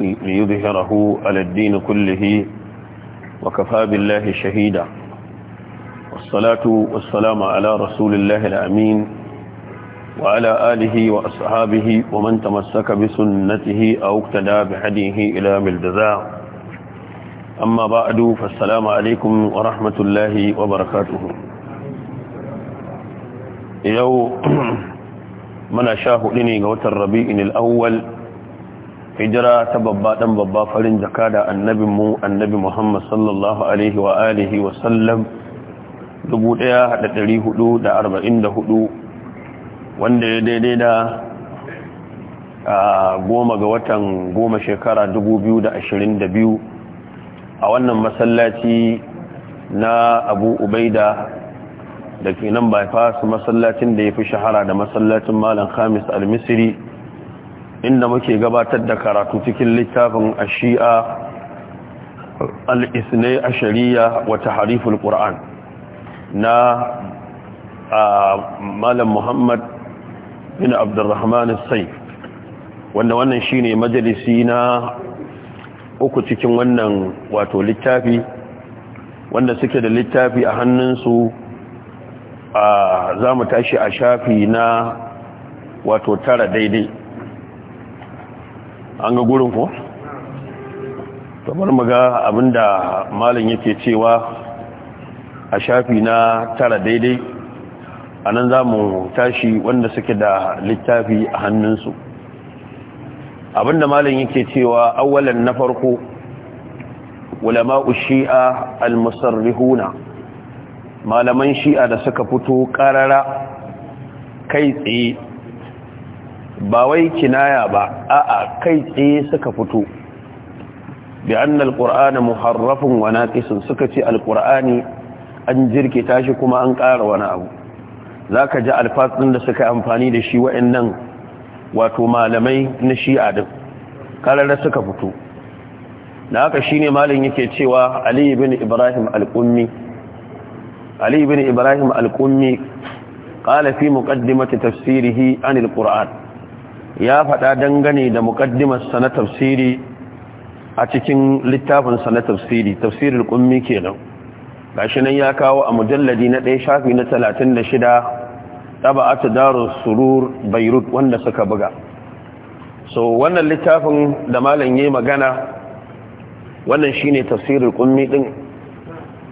ليظهره على الدين كله وكفى بالله شهيدا والصلاة والسلام على رسول الله الأمين وعلى آله وأصحابه ومن تمسك بسنته أو اقتدى بهديه إلى ملدزا أما بعد فالسلام عليكم ورحمة الله وبركاته يو من شاهدني قوة الربيع الأول hijira ta babba dan babba farin jaka da annabin mu annabi Muhammad sallallahu alaihi wa alihi wa sallam 1444 wanda ya daidai da a goma ga watan goma shekara 2022 a wannan masallaci na abu ubaida da ke nan bypass masallacin da ya fi shahara da masallacin malam khamis al-misri inda muke gabatar da karatu cikin littafin shi'a al a shari'a wata tahriful qur'an na malam muhammad bin abdurrahman sai wanda wannan shine majalisi na uku cikin wannan wato littafi wanda suke da littafi a hannunsu a za mu tashi a shafi na wato tara daidai an ga gurin ko? kamar maga abinda malin yake cewa a shafi na tara daidai a nan za mu tashi wanda suke da littafi a hannunsu abinda malin yake cewa awalan na farko ulama'u ushiA al-musarrihuna malaman shi'a da suka fito karara kai tsaye ba wai kinaya ba a'a kai tsaye suka fito bi annal qur'ana muharrafun wa naqisun suka ce alqur'ani an jirkita shi kuma an ƙara wani abu zaka ji alfasin da suka amfani da shi wa'annan wato malamai na shi'a din karara suka fito da haka shine malam yake cewa ali ibn ibrahim al-qummi ali ibn ibrahim al-qummi قال في مقدمة تفسيره عن القرآن ya faɗa dangane da muƙaddimarsa sana tafsiri a cikin littafinsa na tafsiri tafsirin ƙummi kenan gashi nan ya kawo a mujalladi na ɗaya shafi na talatin da shida ɗaba a tadarus surur beirut wanda suka buga so wannan littafin da malam yi magana wannan shi ne tafsirin ƙummi ɗin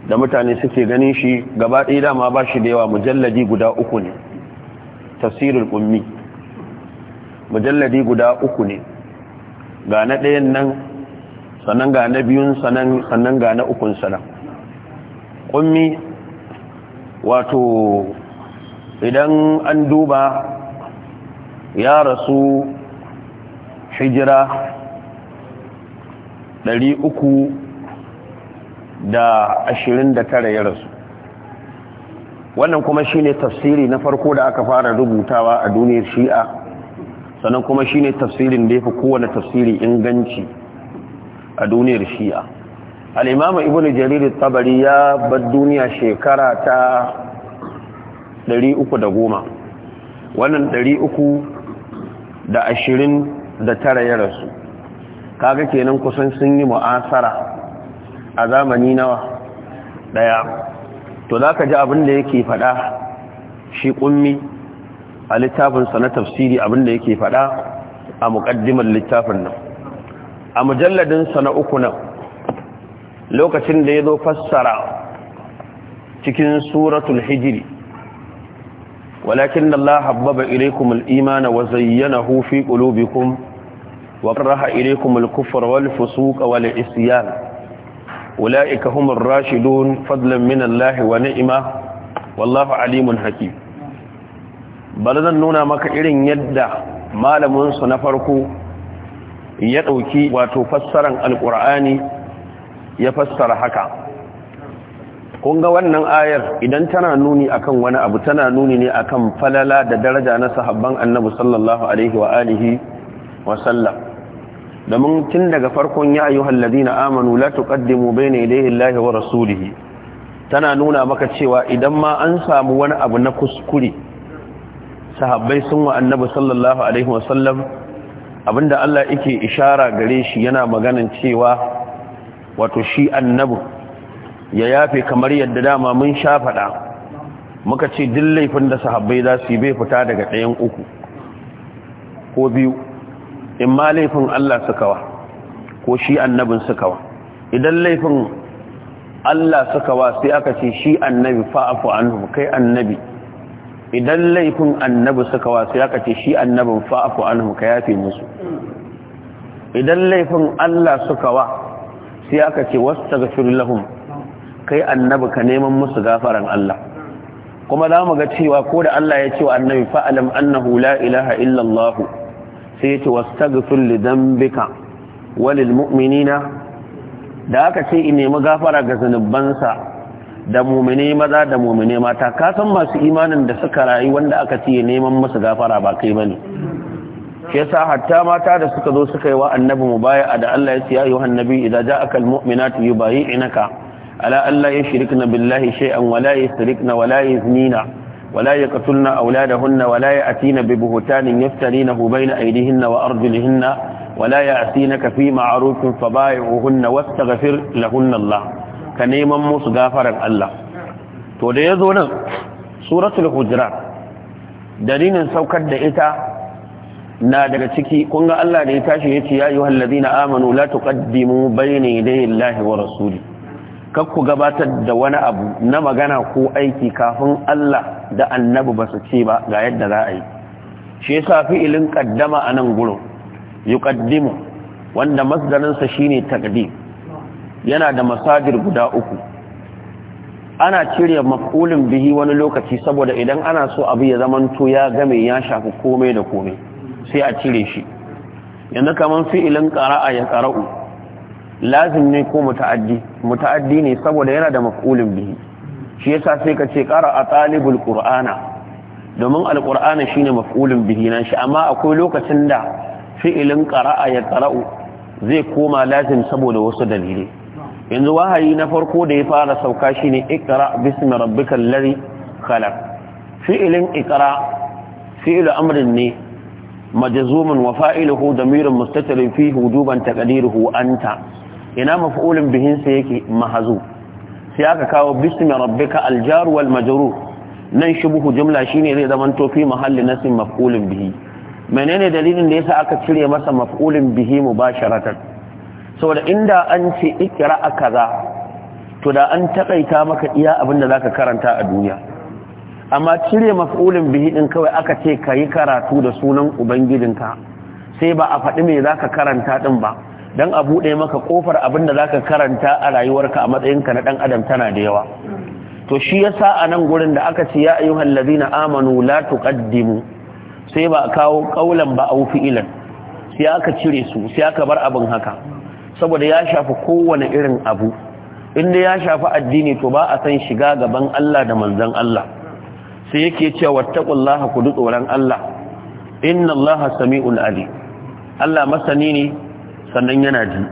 da mutane suke ganin shi gaba ɗaya dama ba shi da yawa mujalladi guda uku ne tafsirin ƙummi mujalladi guda uku ne ga na ɗayan nan sannan ga na biyun sannan ga na ukun sannan ƙummi wato idan an duba ya rasu hijira ɗari uku da ashirin da tara ya rasu wannan kuma shine tafsiri na farko da aka fara rubutawa a duniyar shi'a sannan kuma shine tafsirin da yafi kowane tafsiri inganci a duniyar shi'a al-imam ibnu jarir at-tabari ya bar duniya shekara ta 310 wannan tara ya rasu kaga kenan kusan sun yi mu'asara a zamani nawa daya to zaka ji abin da yake fada shi kummi a littafinsa na tafsiri abin da yake faɗa, a mukaddimar littafin nan a mujalladin sa na uku nan lokacin da ya zo fassara cikin suratul hijiri walakin Allah habbaba ilaikum al wazayyana hufi zayyanahu fi qulubikum wa karaha ilaikum al-kufra wal fusuqa wal isyan ulaika humur rashidun fadlan min Allah wa ni'ma wallahu alimun hakim bari zan nuna maka irin yadda malaminsu na farko ya ɗauki wato fassaran alƙur'ani ya fassara haka ga wannan ayar idan tana nuni akan wani abu tana nuni ne akan falala da daraja na sahabban Annabu sallallahu alaihi wa alihi wa sallam domin tun daga farkon ya ayyuhal ladina amanu la tuqaddimu bayna yadayi wa rasulihi tana nuna maka cewa idan ma an samu wani abu na kuskure sahabbai sun wa annabi sallallahu alaihi wasallam abinda Allah yake ishara gare shi yana maganan cewa wato shi annabi ya yafe kamar yadda dama mun sha faɗa muka ce duk laifin da sahabbai za su yi bai fita daga ɗayan uku ko biyu in ma laifin Allah sukawa ko shi annabin sukawa idan laifin Allah sukawa sai aka ce shi annabi fa'afu anhu kai annabi idan laifin annabi suka wasu ya kace shi annabin fa'afu anhu ka yafe musu idan laifin Allah suka wa sai aka ce wastaghfir lahum kai annabi ka neman musu gafaran Allah kuma za mu ga cewa ko da Allah ya ce wa annabi fa'alam annahu la ilaha illa Allah sai ya ce wastaghfir li dhanbika walil mu'minina da aka ce i nemi gafara ga zanubansa da mumine maza da mumine mata ka san masu imanin da suka rayu wanda aka ciye neman musu gafara ba kai bane Ke sa hatta mata da suka zo suka yi wa annabi A da Allah ya ce ya ayyuhan nabi idza ja'aka bayi inaka? ala alla yushrikna billahi shay'an wa la Wala ya la yuznina wa da hunna Wala ya la na bi buhtanin na bayna na wa arjulihinna wa la ya'tinaka fi ma'rufin fabayi'uhunna wastaghfir lahunna Allah ka neman musu gafaran Allah to da ya zo nan suratul hujurat dalilin saukar da ita na daga ciki kun ga Allah da ya tashi ya ce ya ayyuhal ladina amanu la tuqaddimu bayna yadayi Allahi wa rasuli kar ku gabatar da wani abu na magana ko aiki kafin Allah da annabi ba su ce ba ga yadda za a yi shi yasa fi'ilin qaddama anan gurin yuqaddimu wanda masdarinsa shine taqdim yana da masajir guda uku ana cire maf'ulin bihi wani lokaci saboda idan ana so abu ya zamanto ya game ya shafi komai da komai sai a cire shi yanzu kaman fi'ilin qara'a ya qara'u lazim ne ko muta'addi muta'addi ne saboda yana da maf'ulin bihi shi yasa sai ka ce qara'a talibul qur'ana domin alqur'ana shine maf'ulin bihi nan shi amma akwai lokacin da fi'ilin qara'a ya qara'u zai koma lazim saboda wasu dalilai yanzu wahayi na farko da ya fara sauka shine ikra bismi rabbikal ladhi khalaq fi'ilin Ikara, Fi'ilu amrin ne majzumun wa fa'iluhu damirun mustatirun fihi wujuban taqdiruhu anta ina maf'ulun bihin sa yake mahazu sai aka kawo bismi rabbika aljar wal majrur nan shubuhu jumla shine zai zaman muhalli fi mahalli nasin maf'ulun bihi menene dalilin da yasa aka cire masa maf'ulun bihi mubasharatan saboda inda an ce ikira a kaza to da an takaita maka iya abinda za ka karanta a duniya amma cire maf'ulin bihi ɗin kawai aka ce ka yi karatu da sunan ubangijinka sai ba a faɗi me zaka karanta ɗin ba don a buɗe maka ƙofar abinda da zaka karanta a rayuwarka a matsayinka na ɗan adam tana da yawa to shi ya sa a nan gurin da aka ce ya hallazi na amanu la tuqaddimu sai ba a kawo ƙaulan ba a wufi ilan sai aka cire su sai aka bar abin haka saboda ya shafi kowane irin abu inda ya shafi addini to ba a san shiga gaban Allah da manzan Allah sai yake cewa wattaqullaha ku tsoron Allah inna sami'un Allah masani ne sannan yana ji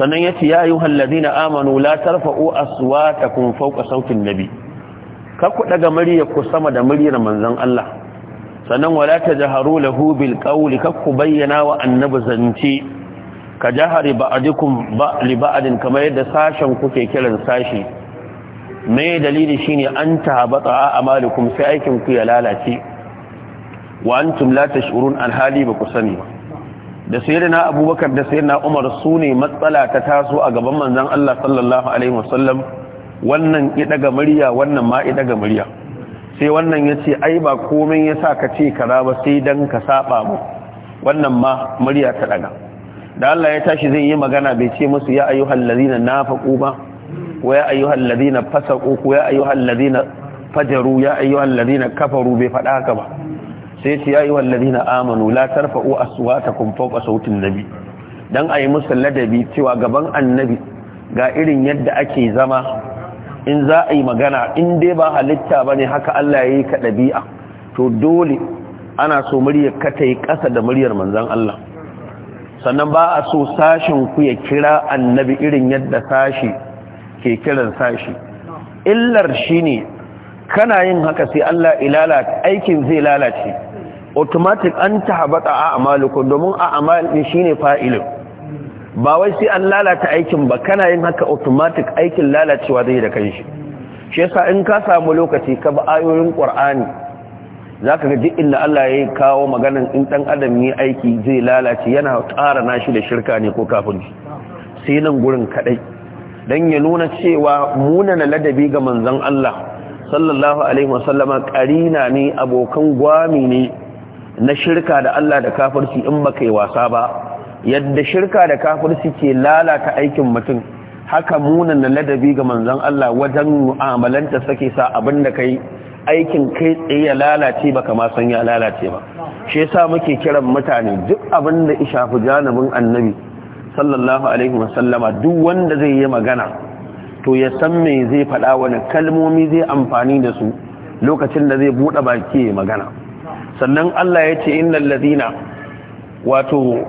sannan yace ya ayyuhal ladina amanu la tarfa'u aswatakum fawqa sautin nabi ka ku daga muryar ku sama da muryar manzon Allah sannan wala tajaharu lahu bil qawli ka ku bayyana wa annabi zance ka jahari ba'adikum ba ba'adin kamar yadda sashen kuke kiran sashi mai dalili shine an a amalikum sai aikin ku ya lalace wa antum la tashurun an hali ba ku sani ba da sayyidina abubakar da sayyidina umar su ne matsala ta taso a gaban manzon Allah sallallahu alaihi wasallam wannan ya daga murya wannan ma ya daga murya sai wannan yace ai ba komai yasa ka ce kaza ba sai dan ka saba mu wannan ma murya ta ɗaga. da Allah ya tashi zai yi magana bai ce musu ya ayyuhal ladina nafaqu ba ko ya ayyuhal ladina fasaqu ko ya ayyuhal ladina fajaru ya ayyuhal ladina kafaru bai faɗa haka ba sai ce ya ayyuhal ladina amanu la tarfa'u aswatakum fawqa sautin nabi dan ayi musu ladabi cewa gaban annabi ga irin yadda ake zama in za a yi magana in dai ba halitta bane haka Allah ya yi ka dabi'a to dole ana so muryar ka ta yi ƙasa da muryar manzan Allah sannan ba a so sashin ku ya kira annabi irin yadda sashi ke kiran sashi illar shine kana yin haka sai Allah ilalata aikin zai lalace automatic an tahabata a amalukum domin a amalin shine fa'ilin ba wai sai an lalata aikin ba kana yin haka automatic aikin lalacewa zai da kanshi shi yasa in ka samu lokaci ka ba ayoyin qur'ani za ka ga jikin da Allah ya kawo maganan in ɗan adam yi aiki zai lalace yana ƙara nashi da shirka ne ko kafin sai nan gurin kaɗai don ya nuna cewa munana ladabi ga manzan Allah sallallahu alaihi wasallama ƙarina ne abokan gwami ne na shirka da Allah da kafirci in ba yi wasa ba yadda shirka da kafirci ke lalata aikin mutum haka munana ladabi ga manzan Allah wajen mu'amalanta sake sa abin da kai aikin kai tsaye ya lalace ba kama san ya lalace ba shi yasa muke kiran mutane duk abin da ishafu janibin annabi sallallahu alaihi wasallama duk wanda zai yi magana to ya san me zai faɗa wani kalmomi zai amfani da su lokacin da zai buɗe baki ya magana sannan Allah ya ce innal ladina wato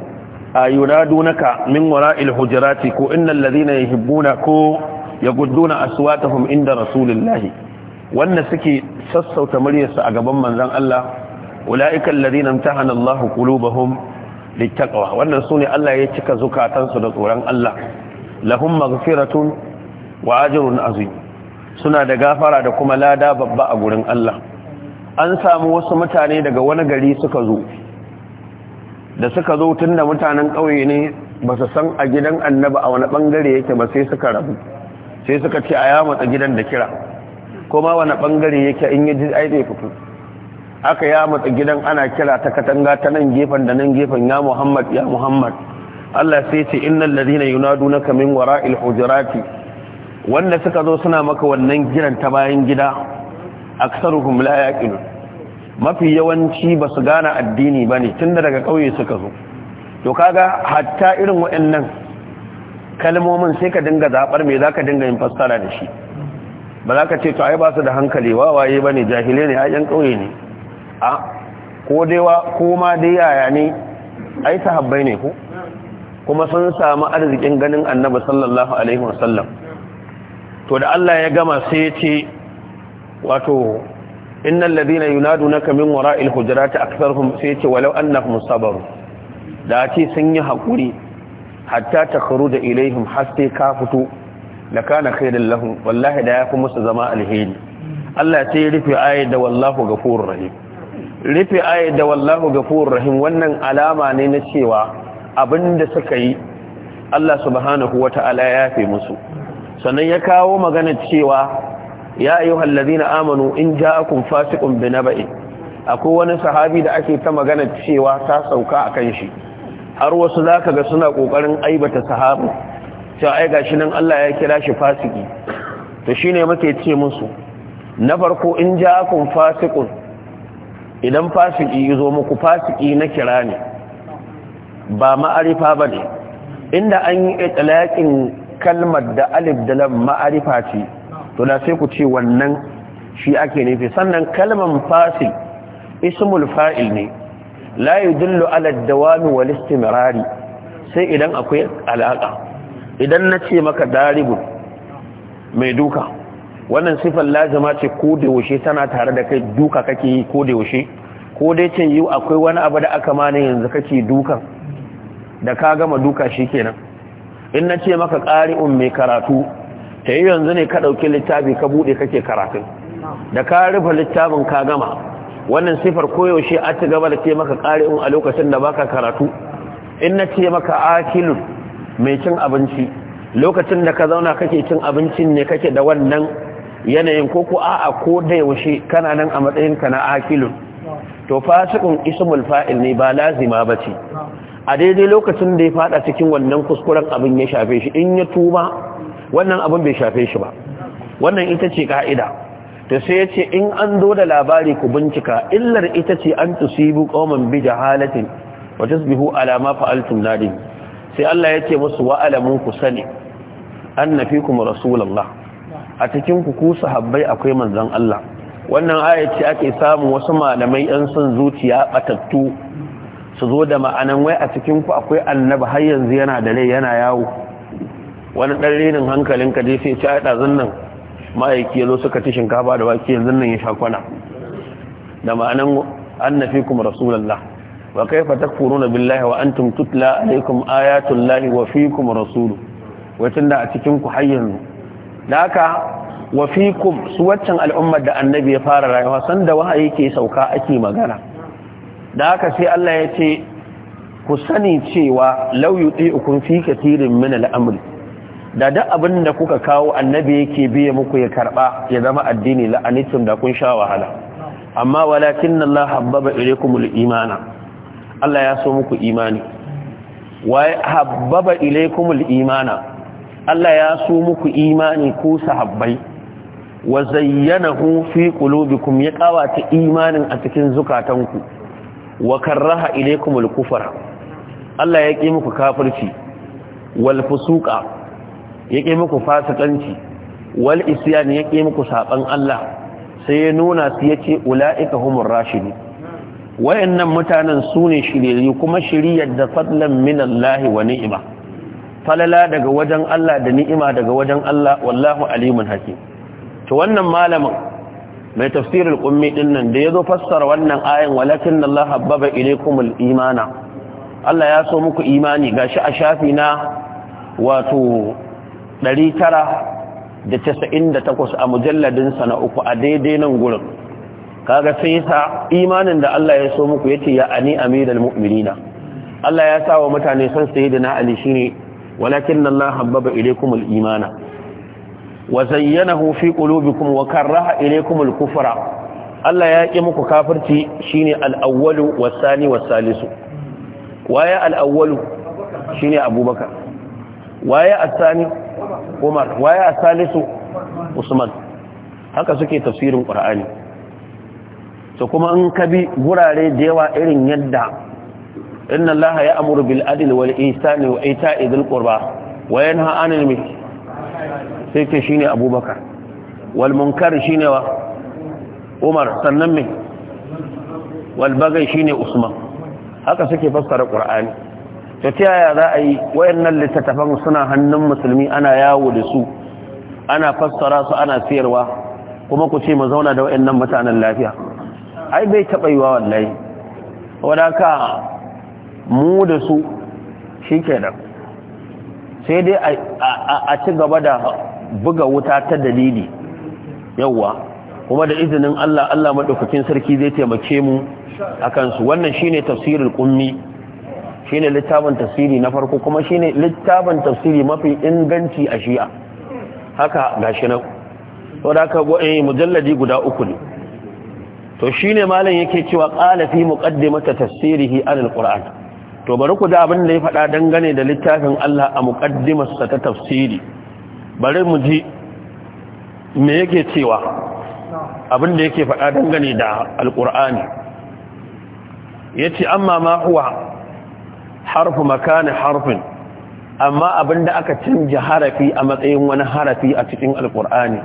ayunadunaka min wara'il hujurati ko innal ladina yuhibbuna ko yaqudduna aswatahum inda rasulillahi wanda suke sassauta muryarsu a gaban manzon Allah ulaika alladhina imtahana Allahu qulubahum littaqwa wannan sune Allah ya cika zukatansu da tsoron Allah lahum maghfiratun wa ajrun azim suna da gafara da kuma lada babba a gurin Allah an samu wasu mutane daga wani gari suka zo da suka zo tunda mutanen ƙauye ne ba su san a gidan annaba a wani ɓangare yake ba sai suka rabu sai suka ce a ya matsa gidan da kira ko ma wani bangare yake in yi ji ai fito aka ya matsa gidan ana kira ta katanga ta nan gefen da nan gefen ya muhammad ya muhammad Allah sai ce innal ladina na kamin wara'il ilhujirati wanda suka zo suna maka wannan giran ta bayan gida aksaruhum la yaqilun mafi yawanci ba su gane addini ba ne tunda daga kauye suka zo to kaga hatta irin waɗannan kalmomin sai ka dinga zabar me ka dinga yin fassara da shi ba za ka ce to ai ba su da hankali wawaye ba ne jahile ne ayan ƙauye ne a ko ko ma dai yaya ne ai sahabbai ne ku. kuma sun samu arzikin ganin annabi sallallahu alaihi wasallam to da Allah ya gama sai ya ce wato innal ladina yunadunaka min wara'il hujurati aktharuhum sai ya ce walau annahum sabaru da ce sun yi hakuri hatta ta da ilaihim har sai ka fito la kana khairan lahum wallahi da yafi musu zama alheri Allah sai ya rufe ayat da wallahu ghafurur rahim rufe ayat da wallahu ghafurur rahim wannan alama ne na cewa abinda suka yi Allah subhanahu wata'ala ya yafe musu sannan ya kawo magana cewa ya ayyuhal ladina amanu in ja'akum fasiqun binabai akwai wani sahabi da ake ta magana cewa ta sauka akan shi har wasu zaka ga suna kokarin aibata sahabi cewa ai gashi nan Allah ya kira shi fasiki to shine muke ce musu na farko in ja'akum fasikun idan fasiki yazo muku fasiki na kira ne ba ma'arifa bane inda an yi itlaqin kalmar da alif da lam ma'arifa ce to da sai ku ce wannan shi ake nufi sannan kalmar fasik ismul fa'il ne la yudillu ala ad-dawami wal istimrari sai idan akwai alaka idan na ce maka daribu mai duka wannan sifar lazima ce ko da yaushe tana tare da kai duka kake yi ko da yaushe ko dai can yi akwai wani abu da aka mani yanzu kake duka. da ka gama duka shi kenan in na ce maka ƙari'un mai karatu ta yi yanzu ne ka ɗauki littafi ka buɗe kake karatu. da ka rufe littafin ka gama wannan sifar koyaushe a ci gaba da ce maka ƙari'un a lokacin da baka karatu in na ce maka akilun mai cin abinci lokacin da ka zauna kake cin abincin ne kake da wannan yanayin ko ko a'a ko da yaushe kana nan a matsayin ka na akilun to fasikun ismul fa'il ne ba lazima ba bace a daidai lokacin da ya fada cikin wannan kuskuren abin ya shafe shi in ya tuba wannan abin bai shafe shi ba wannan ita ce ka'ida to sai yace in an zo da labari ku bincika illar ita ce an tusibu qauman bi jahalatin wa tasbihu ala ma fa'altum sai Allah ya ce musu wa'alamun ku sani an na fi kuma a cikin ku ku sahabbai akwai manzan Allah wannan ayaci ake samun wasu malamai ‘yan son zuciya batattu su zo da ma'anan wai a cikin ku akwai annabi har yanzu yana da rai yana yawo wani ɗan renin hankalin ka dai sai ci a ɗazun nan ma'aiki ya zo suka ci shinkafa da wake yanzu nan ya sha da ma'anan Annafi kuma wa kaifa takfuruna billahi wa antum tutla alaikum ayatullahi wa fiikum rasuluhu wacin da a cikin ku har yanzu da haka wa fiikum su waccan al'ummar da annabi ya fara rayuwa sanda da wahayi ke sauka ake magana da haka sai Allah ya ce ku sani cewa law yuti'ukum fi katirin min al'amri da duk abin da kuka kawo annabi yake biya muku ya karba ya zama addini la'anitum da kun sha wahala amma walakin Allah habbaba ilaykumul imana Allah ya so muku imani wa habbaba ilaykumul imana Allah ya so muku imani ko sahabbai wa zayyanahu fi qulubikum ya kawata imanin a cikin zukatanku wa karaha ilaykumul kufra Allah ya ƙi muku kafirci wal fusuqa ya muku fasikanci wal isyan ya muku saban Allah sai ya nuna su yace ulaika humur rashidin wayannan mutanen su ne shiriri kuma shiriyar da fadlan min Allah wa ni'ima falala daga wajen Allah da ni'ima daga wajen Allah wallahu alimun hakim to wannan malamin mai tafsirul qummi din nan da yazo fassara wannan ayin walakin Allah habbaba ilaykumul imana Allah ya so muku imani gashi a shafi na wato 998 a mujalladin sana uku a daidai nan gurin kaga sai yasa imanin da Allah ya so muku yace ya ani amiral mu'minina Allah ya sa wa mutane san sayyidina Ali shine walakin Allah habbaba ilaykumul imana wa zayyanahu fi qulubikum wa karaha ilaykumul kufra Allah ya ki muku kafirci shine al-awwalu was-sani was-salisu waye al-awwalu shine Abubakar waye as-sani Umar waye as-salisu Usman haka suke tafsirin Qur'ani to kuma in ka bi gurare da yawa irin yadda inna allaha ya amuru bil adl wal ihsani wa ita'i dhil qurba wa yanha 'anil mith sai ce shine abubakar wal munkar shine wa umar sannan me wal bagai shine usman haka suke fassara qur'ani to ta yaya za a yi wayannan littattafan suna hannun musulmi ana yawo da su ana fassara su ana siyarwa kuma ku ce mu zauna da wayannan mutanen lafiya ai bai taɓa yi wa wallahi wadaka mu da su shi da, sai dai a ci gaba da buga wuta ta dalili yauwa kuma da izinin Allah Allah madaukakin sarki zai taimake mu a kansu wannan shine tafsirin ƙummi shine littafin tafsiri na farko kuma shine littafin tafsiri mafi inganci a shi'a haka gashi nan saboda eh, mujalladi guda uku ne to shine malam yake cewa qala fi muqaddimata tafsirihi an alquran to bari ku da abin da ya faɗa dangane da littafin Allah a muqaddimar sa ta tafsiri bari mu ji me yake cewa abin da yake faɗa dangane da ya yace amma ma huwa harfu makani harfin amma abin da aka canja harafi a matsayin wani harafi a cikin alqur'ani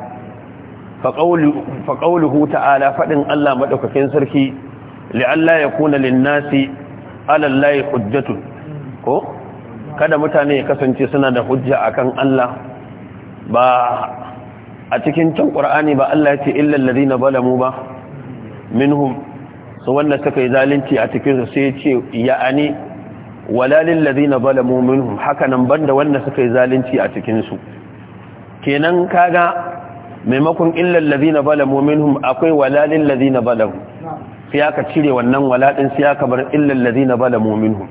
فقوله تعالى فإن الله مدوككين سركي لألا يكون للناس على الله حجة kada mutane ya kasance suna da hujja akan Allah ba a cikin can Qur'ani ba Allah ya ce illal ladina balamu ba minhum su wanda suka yi zalunci a cikin su sai ce ya'ani walalil ladina balamu minhum haka nan banda wanda suka yi zalunci a cikin su kenan kaga maimakon illal ladina balamu minhum akwai walalil ladina balamu sai aka cire wannan waladin sai aka bar illal ladina balamu minhum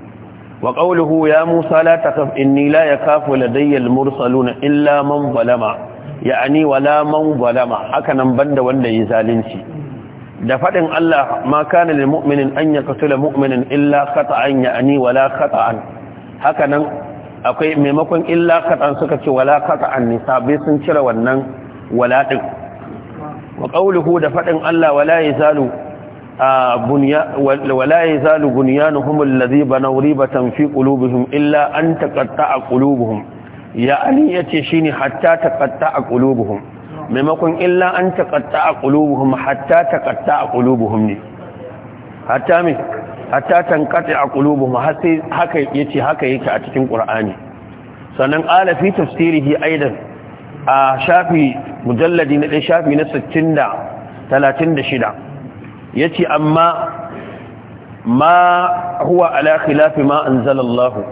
wa qawluhu ya musa la takhaf inni la yakhafu ladayya al mursaluna illa man zalama ya'ni wala man zalama haka nan banda wanda yi zalunci da fadin Allah ma kana lil mu'minin an yaqtula mu'minan illa khata'an ya'ni wala khata'an haka nan akwai maimakon illa khata'an suka ce wala khata'an ne sabai sun cire wannan wala din wa qawluhu da fadin Allah wala yazalu bunya wala yazalu bunyanuhum alladhi banaw ribatan fi qulubihim illa an taqatta'a qulubuhum ya'ani yace shine hatta taqatta'a qulubuhum maimakon illa an taqatta'a qulubuhum hatta taqatta'a qulubuhum ne hatta me hatta tanqati'a qulubuhum haka yace haka yake a cikin qur'ani sannan qala fi tafsirihi aidan a shafi mujalladi na ɗaya shafi na shida, ya ce amma ma huwa ala khilafi ma anzalallahu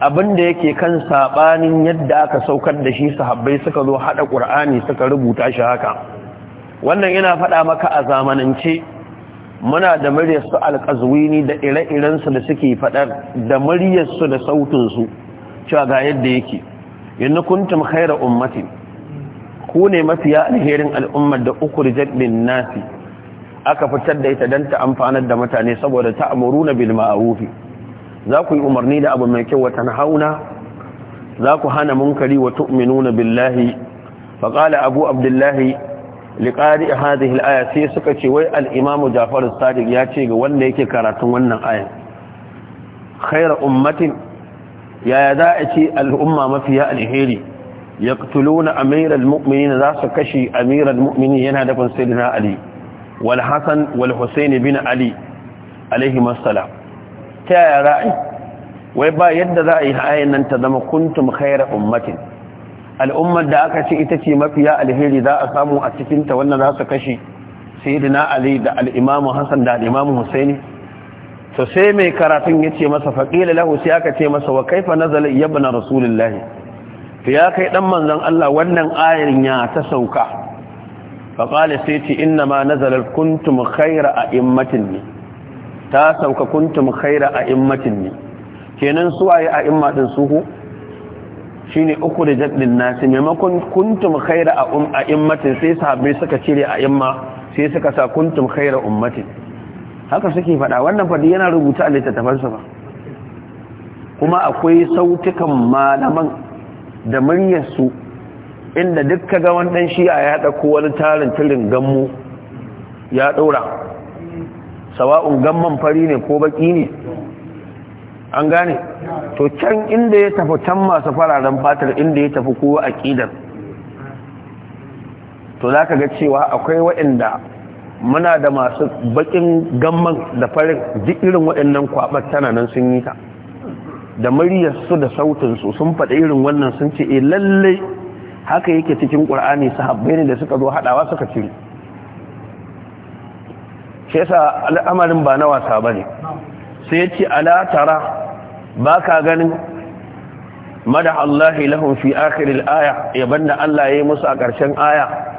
abinda yake kan saɓanin yadda aka saukar da shi sahabbai suka zo haɗa ƙur'ani suka rubuta shi haka wannan yana faɗa maka a zamanance muna da muryarsu alƙazwini da ire-irensu da suke faɗar da muryarsu da sautinsu cewa ga yadda yake yanzu kuntum khaira ummatin ku ne mafiya alherin al'ummar da ukhrijat lin nasi aka fitar da ita dan ta amfanar da mutane saboda ta'muruna bil ma'ruf za ku yi umarni da abu mai kyau na hauna za ku hana munkari wa tu'minuna billahi fa qala abu abdullahi liqari hadhihi al-aya sai suka ce wai al'imamu jafaru sadiq ya ce ga wanda yake karatun wannan ayan khaira ummatin yaya za a ce al'umma mafiya alheri ya na amiral mu'mini za su kashe amiral mu'mini yana dafin na ali wal hassan bin ali alaihi ta yaya yi? wai ba yadda za a yi hayan nan ta zama kuntum khaira ummatin al'ummar da aka ce ita ce mafiya alheri za a samu a cikinta wannan za su kashe na ali da al'imamu hassan da al'imamu husaini to sai mai karatun ya ce masa faƙila lahu sai aka ce masa wa kaifa nazala yabna rasulullahi to ya kai dan manzon Allah wannan ayar ya ta sauka fa qala sai ce inna ma nazala kuntum khayra a'immatin ni ta sauka kuntum khayra a'immatin ni kenan su ayi a'imma din su ku shine uku da jaddin nasi maimakon kuntum khayra a'immatin sai sahabbai suka cire a'imma sai suka sa kuntum khayra ummatin haka suke faɗa wannan faɗi yana rubuta a littattafansa ba kuma akwai sautukan malaman da muryarsu inda duk ka ga wannan shi'a ya ɗauko wani tarin tilin gammu ya ɗora sawa'un gamman fari ne ko baƙi ne an gane to can inda ya tafi can masu fararen fatar inda ya tafi kowa aƙidar to za ka ga cewa akwai waɗanda muna da masu bakin gamman da farin duk irin waɗannan kwabar tana nan sun yi ta da muryarsu da sautinsu sun faɗa irin wannan sun ce e eh, lalle haka yake cikin ƙur'ani sahabbai ne da suka zo haɗawa suka cire shi yasa al'amarin ba na wasa ba ne sai ya ce ala tara ba ka ganin madaha Allah lahun fi akhiril aya yaban da Allah ya yi musu a ƙarshen aya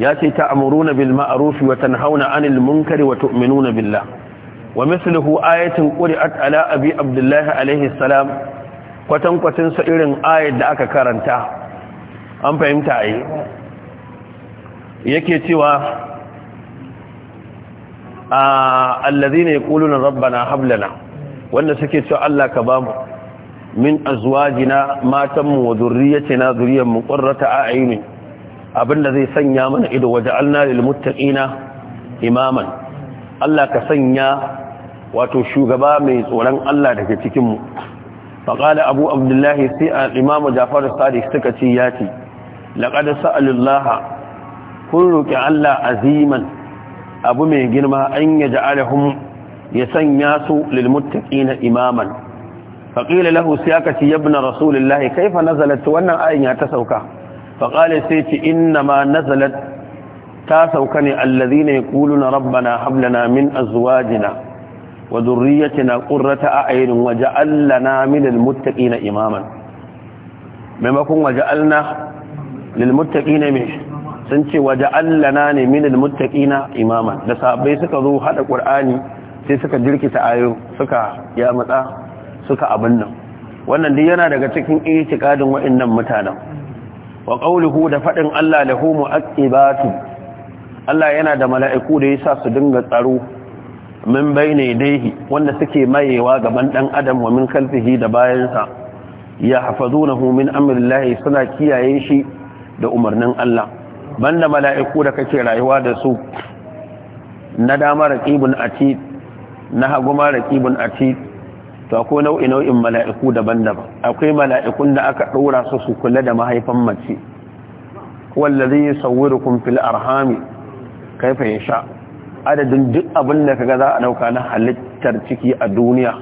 ya ce ta'muruna bil ma'ruf wa tanhauna 'anil munkari wa tu'minuna billah wa mithluhu ayatin quri'at ala abi abdullah alayhi salam kwatan kwatin sa irin ayat da aka karanta an fahimta ai yake cewa alladhina yaquluna rabbana hab lana wanda suke cewa Allah ka bamu min azwajina matanmu wa dhurriyyatina dhurriyyan muqarrata a'yunin abinda zai sanya mana ido waje alna lil imaman Allah ka sanya wato shugaba mai tsoron Allah daga cikin mu faqala abu abdullahi sai al-imam jafar sadiq suka ce yace laqad sa'alallaha kun roƙi Allah aziman abu mai girma an ya ja'alahum ya sanya su na imaman faqila lahu sai aka ce ibn rasulullahi kaifa nazalat wannan ayin ya ta sauka faƙale sai ce inna ma nazalat ta sauka ne allazi ne kuluna rabbana hablana min azwajina wa zurriyatina qurrata a'yunin waja'alna min almuttaqina imaman maimakon waja'alna lilmuttaqina me sun ce waja'alna ne imaman da sabai suka zo haɗa ƙur'ani sai suka jirkita ayo suka ya matsa suka abin nan wannan dai yana daga cikin itikadin wa'annan mutanen wa da fadin Allah lahu mu'aqibatu Allah yana da mala'iku da ya sa su dinga tsaro min bayne daihi wanda suke mayewa gaban dan adam wa min kalfihi da bayansa ya hafazunahu min amrillahi suna kiyaye shi da umarnin Allah banda mala'iku da kake rayuwa da su na dama raƙibin atid na hagu ma raqibun atid to akwai nau'i nau'in mala'iku daban-daban akwai mala'ikun da aka ɗora su su kula da mahaifan mace wallazi yusawwirukum fil arhami kaifa yasha adadin duk abin da kaga za a dauka na halittar ciki a duniya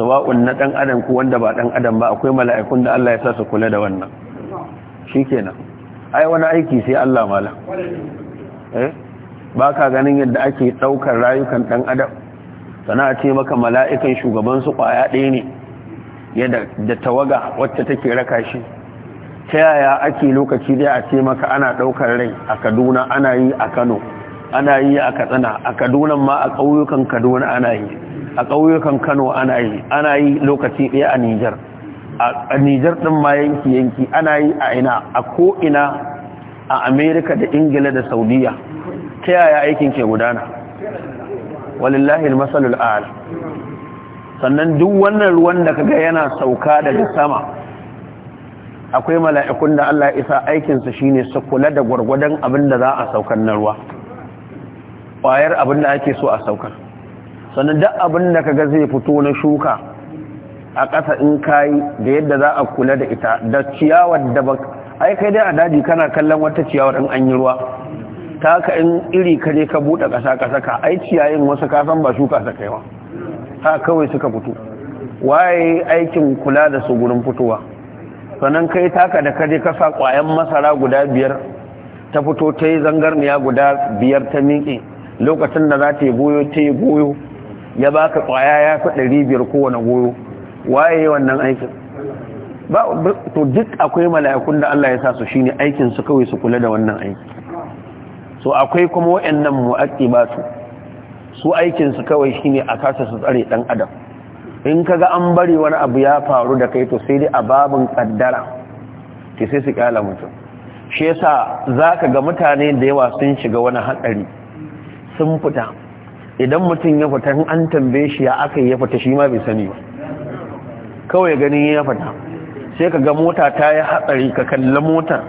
sawa'un na dan adam ko wanda ba dan adam ba akwai mala'ikun da Allah ya sa su kula da wannan shikenan ai wani aiki sai Allah mala eh ba ka ganin yadda ake daukar rayukan dan adam sana a ce maka mala'ikan shugaban su kwaya ɗaya ne da tawaga wacce take raka shi ta yaya ake lokaci dai a ce maka ana ɗaukar rai a kaduna ana yi a kano ana yi a katsina a kaduna ma a ƙauyukan kaduna ana yi a ƙauyukan kano ana yi ana yi lokaci ɗaya a nijar a nijar ɗin ma yanki yanki ana yi a ina a ko'ina a amerika da ingila da saudiya ta yaya aikin ke gudana walillahi masalul al sannan duk wannan ruwan da kaga yana sauka daga sama akwai mala'ikun da Allah isa su shine su kula da gurgurdan abin da za a saukar na ruwa ƙwayar abin da ake so a saukar sannan duk abinda da kaga zai fito na shuka a ƙasa in kayi da yadda za a kula da ita da ciyawar da ba ai kai dai a daji kana kallon wata ciyawar in an yi ruwa ta haka in iri ka je ka buɗe kasa ka saka ai ciyayin wasu kasan ba shuka ta kaiwa ha kawai suka fito waye aikin kula da su gurin fitowa sannan kai taka da kaje ka sa ƙwayan masara guda biyar ta fito ta yi zangarniya guda biyar ta miƙe lokacin da za ta yi goyo ta yi goyo ya baka ƙwaya ya fi ɗari biyar kowane goyo waye wannan aikin ba to duk akwai mala'ikun da Allah ya sa su shine aikin su kawai su kula da wannan aiki so akwai kuma waɗannan ba su aikin su kawai shine a kasa su tsare dan adam in kaga an bari wani abu ya faru da kai to sai dai a babin kaddara ke sai su kyala mutum shi yasa zaka ga mutane da yawa sun shiga wani hatsari sun fita idan mutum ya fita an tambaye shi ya aka ya fita shi ma bai sani ba kawai ganin ya fita sai ka ga mota ta yi hatsari ka kalla motar.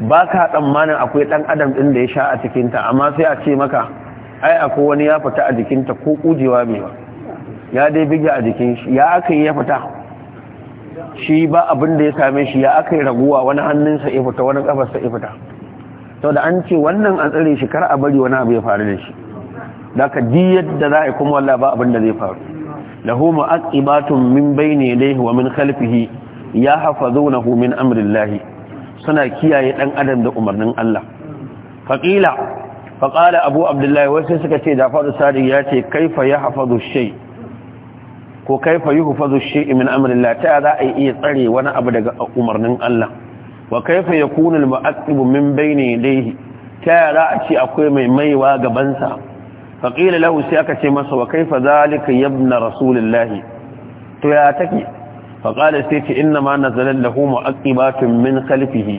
ba ka tsammanin akwai ɗan adam ɗin da ya sha a cikinta amma sai a ce maka ai akwai wani ya fita a jikinta ko ƙujewa mai ba ya dai bige a jikin shi ya aka yi ya fita shi ba abin da ya same shi ya aka yi raguwa wani hannunsa ya fita wani ƙafarsa ya fita To da an ce wannan an tsare shi kar a bari wani abu ya faru da shi da ka ji yadda za a yi kuma wallah ba abin da zai faru lahu mu'aqibatun min bayni yadayhi wa min khalfihi ya hafazunahu min amrillahi suna kiyaye dan adam da umarnin Allah faqila faqala abu abdullahi wasu suka ce jafaru sadiq ya ce kaifa shay ko kaifa yuhfazu shay min amrillah ta za a iya tsare wani abu daga umarnin Allah wa kaifa yakunu al-mu'aqqib min bayni yadayhi ta za a ce akwai mai maiwa gabansa faqila lahu sai aka ce masa wa kaifa zalika ya ibn rasulillah to ya take faƙada sai ce inna ma na zanen lahu mu'aqibatun min khalfihi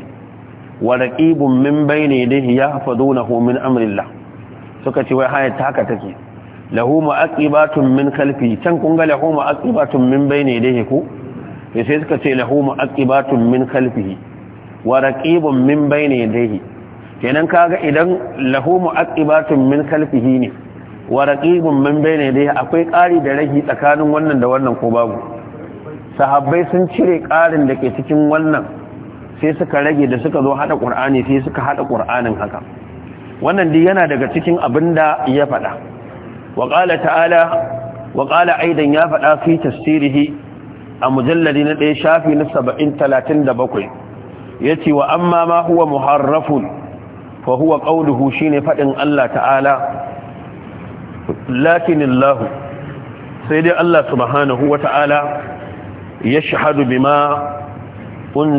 wa raqibun min bayni yadihi yahfazunahu min suka ce wai hayar ta haka take lahu mu'aqibatun min khalfihi can kun ga lahu mu'aqibatun min bayni yadihi ku suka ce min kenan kaga idan lahu mu'aqibatun min khalfihi ne wa raqibun min bayni yadayhi akwai ƙari da rahi tsakanin wannan da wannan ko babu sahabbai sun cire ƙarin da ke cikin wannan sai suka rage da suka zo haɗa ƙur'ani sai suka haɗa ƙur'anin haka wannan dai yana daga cikin abin da ya faɗa waƙala ta'ala waƙala aidan ya faɗa fi tasirihi a mujalladi na ɗaya shafi na saba'in talatin da bakwai ya ce wa amma ma huwa muharrafun fa huwa ƙauluhu shi ne faɗin allah ta'ala lakinin lahu sai dai allah subhanahu wa ta'ala yashhadu bima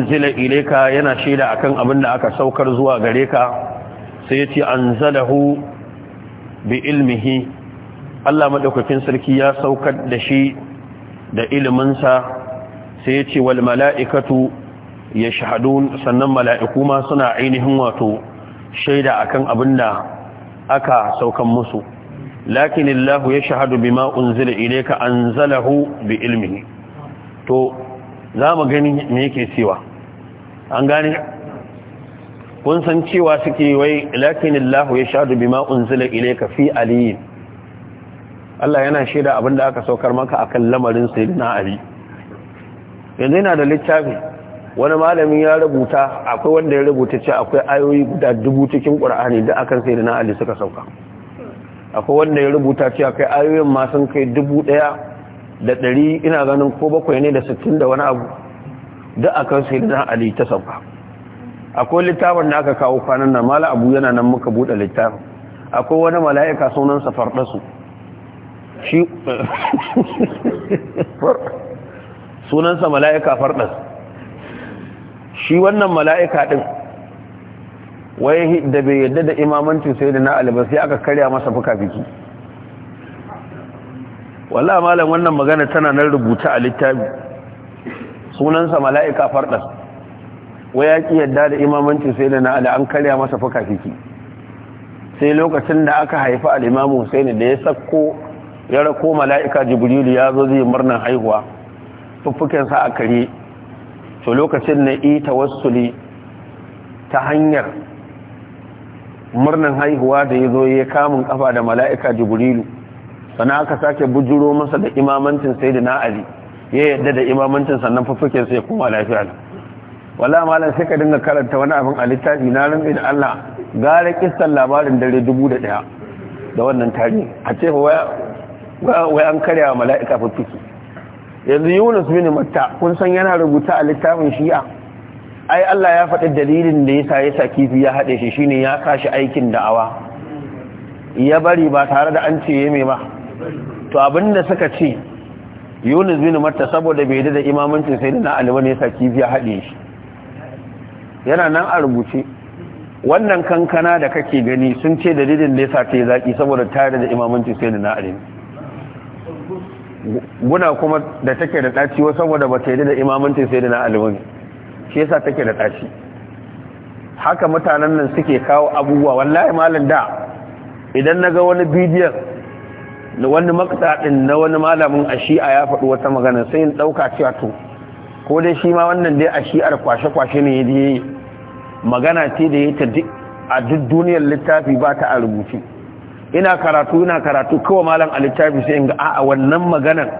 zila ilayka yana shaida akan abin da aka saukar zuwa gare ka sai an zalahu bi ilmihi Allah maɗaukakin sarki ya saukar da shi da iliminsa sai ce wal mala'ikatu shahadu? sannan mala'iku ma suna ainihin wato shaida akan abin da aka saukan musu lakin Allah ya shahadu bima unzila an anzalahu bi ilmihi to za mu gani me yake cewa an gane kun san cewa suke wai lakinillahu ya shahadu bima unzila ilayka fi aliyin Allah yana shaida da aka saukar maka akan lamarin sayyidina ali yanzu yana da littafi wani malamin ya rubuta akwai wanda ya rubuta cewa akwai ayoyi guda dubu cikin qur'ani da akan sayyidina ali suka sauka akwai wanda ya rubuta cewa akwai ayoyin ma sun kai dubu daya da ɗari ina ganin ko bakwai ne da sittin da wani abu da a kan sai da ali ta sauka akwai littafin da aka kawo kwanan nan mala abu yana nan muka buɗe littafin akwai wani mala'ika sunansa farɗasu shi sunansa mala'ika farɗas shi wannan mala'ika ɗin wai da bai yadda da imamancin sai da na alibar sai aka karya masa fuka-fiki wala malam wannan magana tana nan rubuta a littafi sunansa mala'ika fardas waya yadda da imamancin sai da na ali an karya masa fuka fiki sai lokacin da aka haifi al-imamu husaini da ya sako ya rako mala'ika jibrilu ya zo zai murnan haihuwa fuffukensa a kare to lokacin na yi tawassuli ta hanyar murnan haihuwa da ya zo ya kamun kafa da mala'ika jibrilu sannan aka sake bujuro masa da imamancin sai da na'ali ya yadda da imamancin sannan fafukin sai kuma lafiya wala malam sai ka dinga karanta wani abin a littafi na rantsi da Allah gara kistan labarin dare dubu da ɗaya da wannan tari a ce wai an karya wa mala'ika fafuki yanzu yunus bin matta kun san yana rubuta a littafin shi'a ai Allah ya faɗi dalilin da sa ya sa kifi ya haɗe shi shine ya kashi aikin da'awa ya bari ba tare da an ce mai ba to abinda suka ce yunus bin matta saboda bai da imamancin sai na alwa ne sa kifi ya haɗe shi yana nan a rubuce wannan kankana da kake gani sun ce dalilin da yasa ta yi zaki saboda tare da imamancin sai na alwa guna kuma da take da ɗaciwa saboda ba ta yi da imamancin sai na alwa ne shi yasa take da ɗaci haka mutanen nan suke kawo abubuwa wallahi malin da idan na ga wani bidiyon da wani makasadin na wani malamin a shi'a ya faɗi wata magana sai in ɗauka cewa to ko dai shi ma wannan dai a shi'ar kwashe-kwashe ne ya magana ce da ya ta duk a duk duniyar littafi ba ta a rubuce ina karatu ina karatu kawai malam a littafi sai in ga a wannan maganar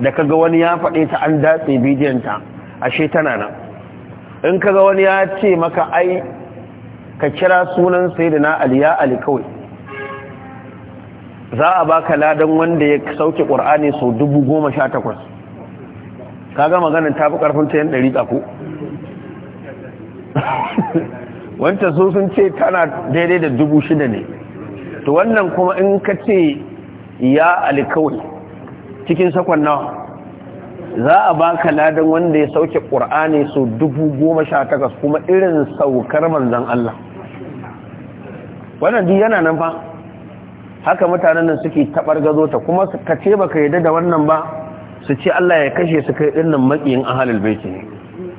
da kaga wani ya faɗe ta an datse bidiyon ta ashe tana nan in kaga wani ya ce maka ai ka kira sunan na, ali ya ali kawai za a baka ladan wanda ya sauke ƙur'ani sau dubu goma sha takwas Ka kaga maganin tafi ƙarfin ta yin ɗari ko wanta so sun ce tana daidai da dubu shida ne to wannan kuma in ka ce ya alikawai cikin sakon nawa za a baka ladan wanda ya sauke ƙur'ani sau dubu goma sha takwas kuma irin saukar manzan Allah wannan duk yana nan fa haka mutanen nan suke tabar gazo ta kuma ka ce baka yadda da wannan ba su ce Allah ya kashe su kai dinnan makiyin ahalul baiti ne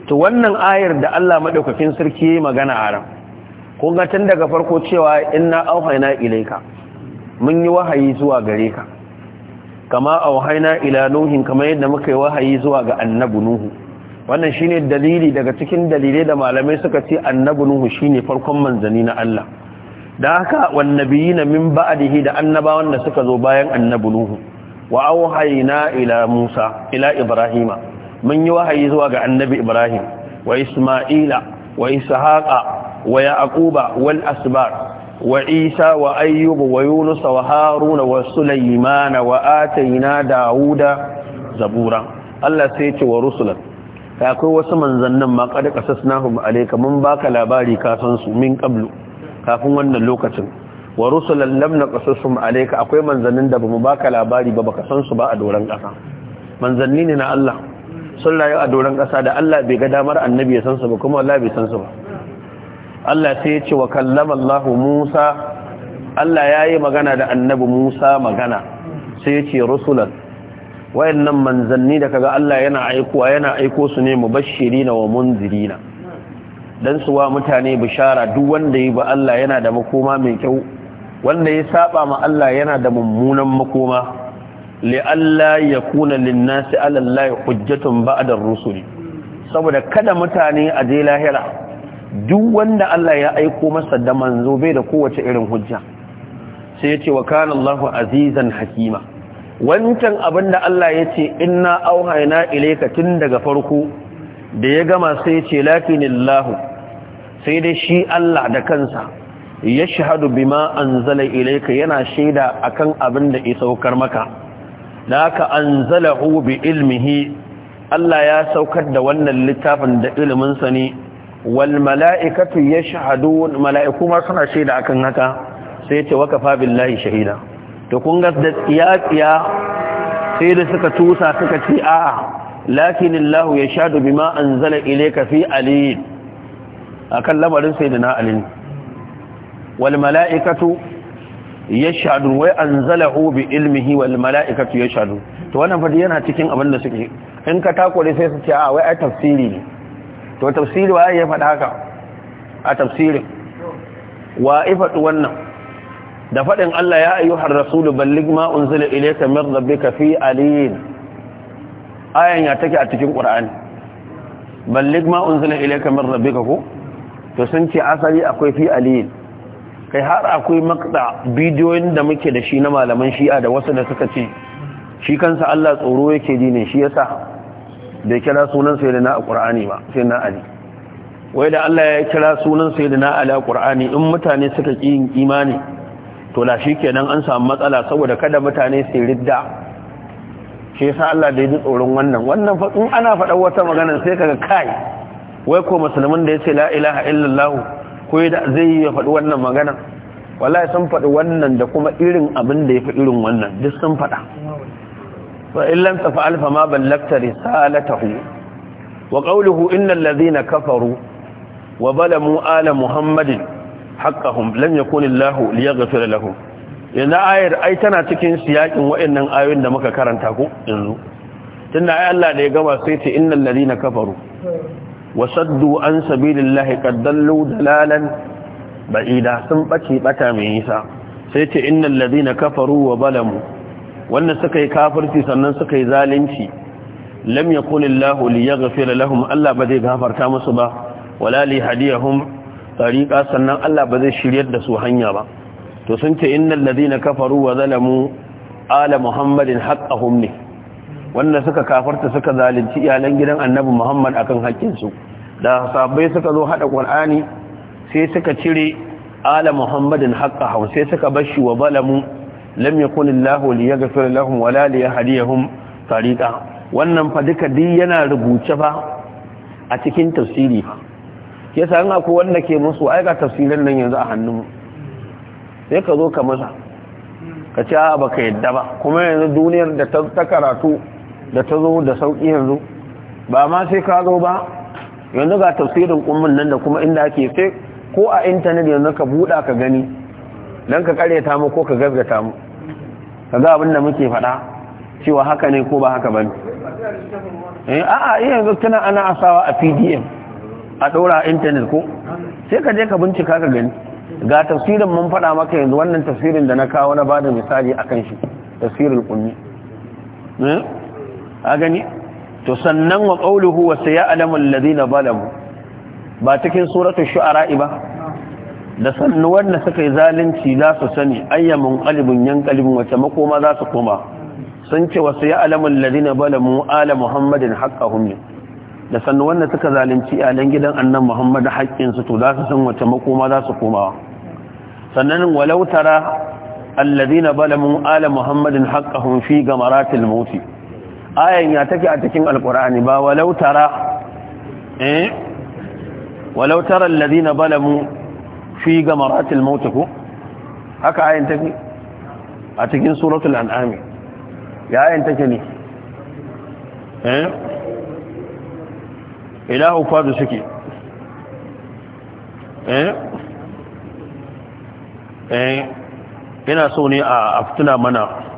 to wannan ayar da Allah madaukakin sarki magana a ran ko ga tun daga farko cewa inna auhayna ilayka mun yi wahayi zuwa gare ka kama auhayna ila nuhin kama yadda muka yi wahayi zuwa ga annabi nuhu wannan shine dalili daga cikin dalilai da malamai suka ce annabi nuhu shine farkon manzani na Allah da haka wan nabiyina min ba'dihi da annabawan da suka zo bayan annabi nuhu wa auhayna ila musa ila ibrahima mun yi wahayi zuwa ga annabi ibrahim wa isma'ila wa ishaqa wa yaquba wal asbar وعيسى وأيوب ويونس وهارون zabura. Allah sai زبورا ce wa ورسلا akwai wasu manzannin ma kada kasasnahum alayka mun baka labari ka san su min qablu kafin wannan lokacin wa rusulan lam naqasusum alayka akwai manzannin da bamu baka labari ba baka san su ba a doran kasa manzanni ne na Allah sun rayu a doran kasa da Allah bai ga damar annabi ya san su ba kuma Allah bai san su ba Allah sai ya ce wa kallama Allah Musa Allah yayi magana da annabi Musa magana sai ya ce rusulan wayannan manzanni da kaga Allah yana aikowa yana aiko su ne mubashirina wa munzirina dan suwa mutane bishara duk wanda ya ba Allah yana da makoma mai kyau wanda ya saba ma Allah yana da mummunan makoma li'alla ya lin-nasi 'ala Allah hujjatun ba'adar rusuli saboda kada mutane a je lahira duk wanda Allah ya aiko masa da manzo bai da kowace irin hujja sai yace wa kana Allahu azizan hakima wancan abinda Allah yace inna auhayna ilayka tun daga farko da ya gama sai ce lakinillahu sai dai shi Allah da kansa ya shahadu bima anzala ka yana shaida a kan abin da ya saukar maka Da laka anzalahu bi ilmihi Allah ya saukar da wannan littafin da iliminsa ne wal mala'ikatu ya wani mala'iku ma suna shaida a kan haka sai ce waka fabin shahida to kun da tsiyatsiya sai da suka tusa suka ce a'a lakin lahu ya shahadu bima anzala ka fi aliyu akan lamarin da ali wal mala'ikatu yashhadu wa anzalahu Hobi ilmihi wal mala'ikatu shaɗu. to wannan fa yana cikin abin da suke in ka takure sai su ce a ah, wai ai tafsiri ne to tafsiri wai ya faɗa haka a tafsirin wa ifatu wannan da faɗin Allah ya ayyuhar rasulu ballig ma unzila ilayka bi ka fi aliyin ayan ya take a cikin qur'ani ballig ma unzila ilayka bi ka ko to sun ce asali akwai fi aliyin kai har akwai makta bidiyoyin da muke da shi na malaman shi'a da wasu da suka ce shi kansa Allah tsoro yake ji ne shi yasa da kira sunan sai da na alqur'ani ba sai na ali wai da Allah ya kira sunan sai da na ali alqur'ani in mutane suka ki yin imani to la kenan an samu matsala saboda kada mutane su ridda shi yasa Allah da ya ji tsoron wannan wannan in ana faɗa wata magana sai kaga kai wai ko musulmin da ya ce la ilaha illallah ko da zai yi ya faɗi wannan magana wallahi sun faɗi wannan da kuma irin abin da ya fi irin wannan duk sun faɗa wa illam tafa'al fa ma ballagta risalatahu wa qawluhu innal ladhina kafaru wa zalamu ala muhammadin haqqahum lam yakun allah liyaghfira lahum yanzu ayar ai tana cikin siyakin waɗannan ayoyin da muka karanta ku yanzu tunda ai Allah da ya gama sai ce innal ladhina kafaru wasaddu an sabilillahi qad dallu dalalan ba'ida sun bace bata mai nisa sai ce innal ladina kafaru wa balamu wanda suka yi kafirci sannan sukayi yi zalunci lam yakun Allahu liyaghfira lahum Allah ba zai gafarta musu ba wala li hadiyahum tariqa sannan Allah ba zai shiryar da su hanya ba to sun ce innal ladina kafaru wa zalamu ala muhammadin haqqahum ne wanda suka kafarta suka zalunci iyalan gidan annabi muhammad akan su. da sabai suka zo haɗa Al-Qur'ani, sai suka cire ala muhammadin haƙƙa hau sai suka bashi wa balamu lam yakun lahu lahum wala tariqa wannan fa duka din yana rubuce fa a cikin tafsiri yasa an akwai wanda ke musu ai tafsirin nan yanzu a hannun sai ka zo ka masa ka ci a baka yadda ba kuma yanzu duniyar da ta karatu da ta zo da sauƙi yanzu ba ma sai ka zo ba yanzu ga tafsirin ummin nan da kuma inda ake sai ko a intanet yanzu ka buɗa ka gani don ka karyata mu ko ka gasgata mu ka ga abin da muke faɗa cewa haka ne ko ba haka ba ne eh, a'a eh, yanzu tana ana asawa a P.D.M a ɗora a intanet ko sai ka je ka bincika ka gani ga tafsirin mun faɗa maka yanzu wannan tafsirin da na kawo na da misali akan shi tafsirin ƙunni a gani to sannan wa qawluhu wa sayalamu alladhina balamu ba cikin suratul shu'ara'i ba da sannu wanda suka yi zalunci za su sani ayyamin qalbun yan qalbun wace makoma za su koma sun ce wa sayalamu alladhina balamu ala muhammadin haqqahum ne da sannu wanda suka zalunci iyalan gidan annan muhammad haƙƙin su to za su san wace makoma za su koma sannan walau tara alladhina zalamu ala muhammadin hunfi ga maratil mauti ayan ya take a cikin alkur'ani ba walau tara eh walau tara alladhina balamu fi gamarati almaut ko haka ayan take a cikin suratul an'am ya ayan take ne eh ilahu fadu suke eh eh ina so ne a aftuna mana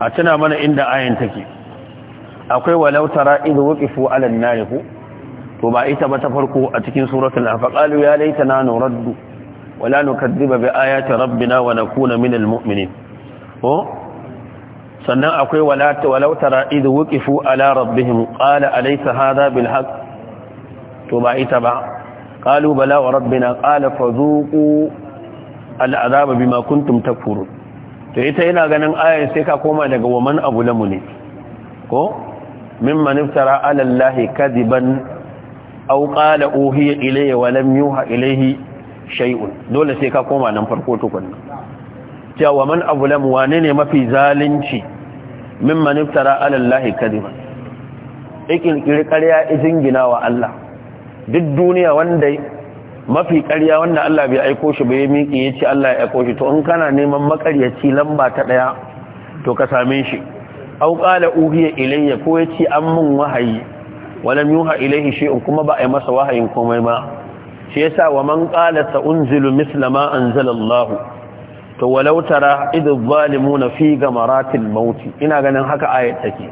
a tuna mana inda ayan take akwai walau tara idh waqifu 'ala an-nar to ba ita ba ta farko a cikin suratul anfal qalu ya laitana nuraddu wala nukadhiba bi ayati rabbina wa nakuna minal mu'minin ko sannan akwai wala walau tara idh waqifu 'ala rabbihim qala alaysa hadha bil haqq to ba ita ba qalu bala wa rabbina qala fadhuqu al-'adhaba bima kuntum takfurun to ita yana ganin ayar sai ka koma daga waman abu lamu ne ko mimman alallahi ala allahi kadiban aw qala uhiya ilayya wa lam yuha ilayhi shay'un dole sai ka koma nan farko tukunna cewa waman abu lamu wane ne mafi zalunci mimman iftara ala allahi kadiban ikin kirkariya izin gina wa Allah duk duniya wanda mafi ƙarya wanda Allah bai aiko shi bai miƙe ya ce Allah ya aiko shi to in kana neman makaryaci lamba ta ɗaya to ka same shi au ƙala uhiya ilayya ko ya ce an mun wahayi walam yuha ilayhi shay'un kuma ba a yi masa wahayin komai ba shi yasa wa man qala sa unzilu misla ma anzala Allah to walau tara idh zalimuna fi gamaratil maut ina ganin haka ayat take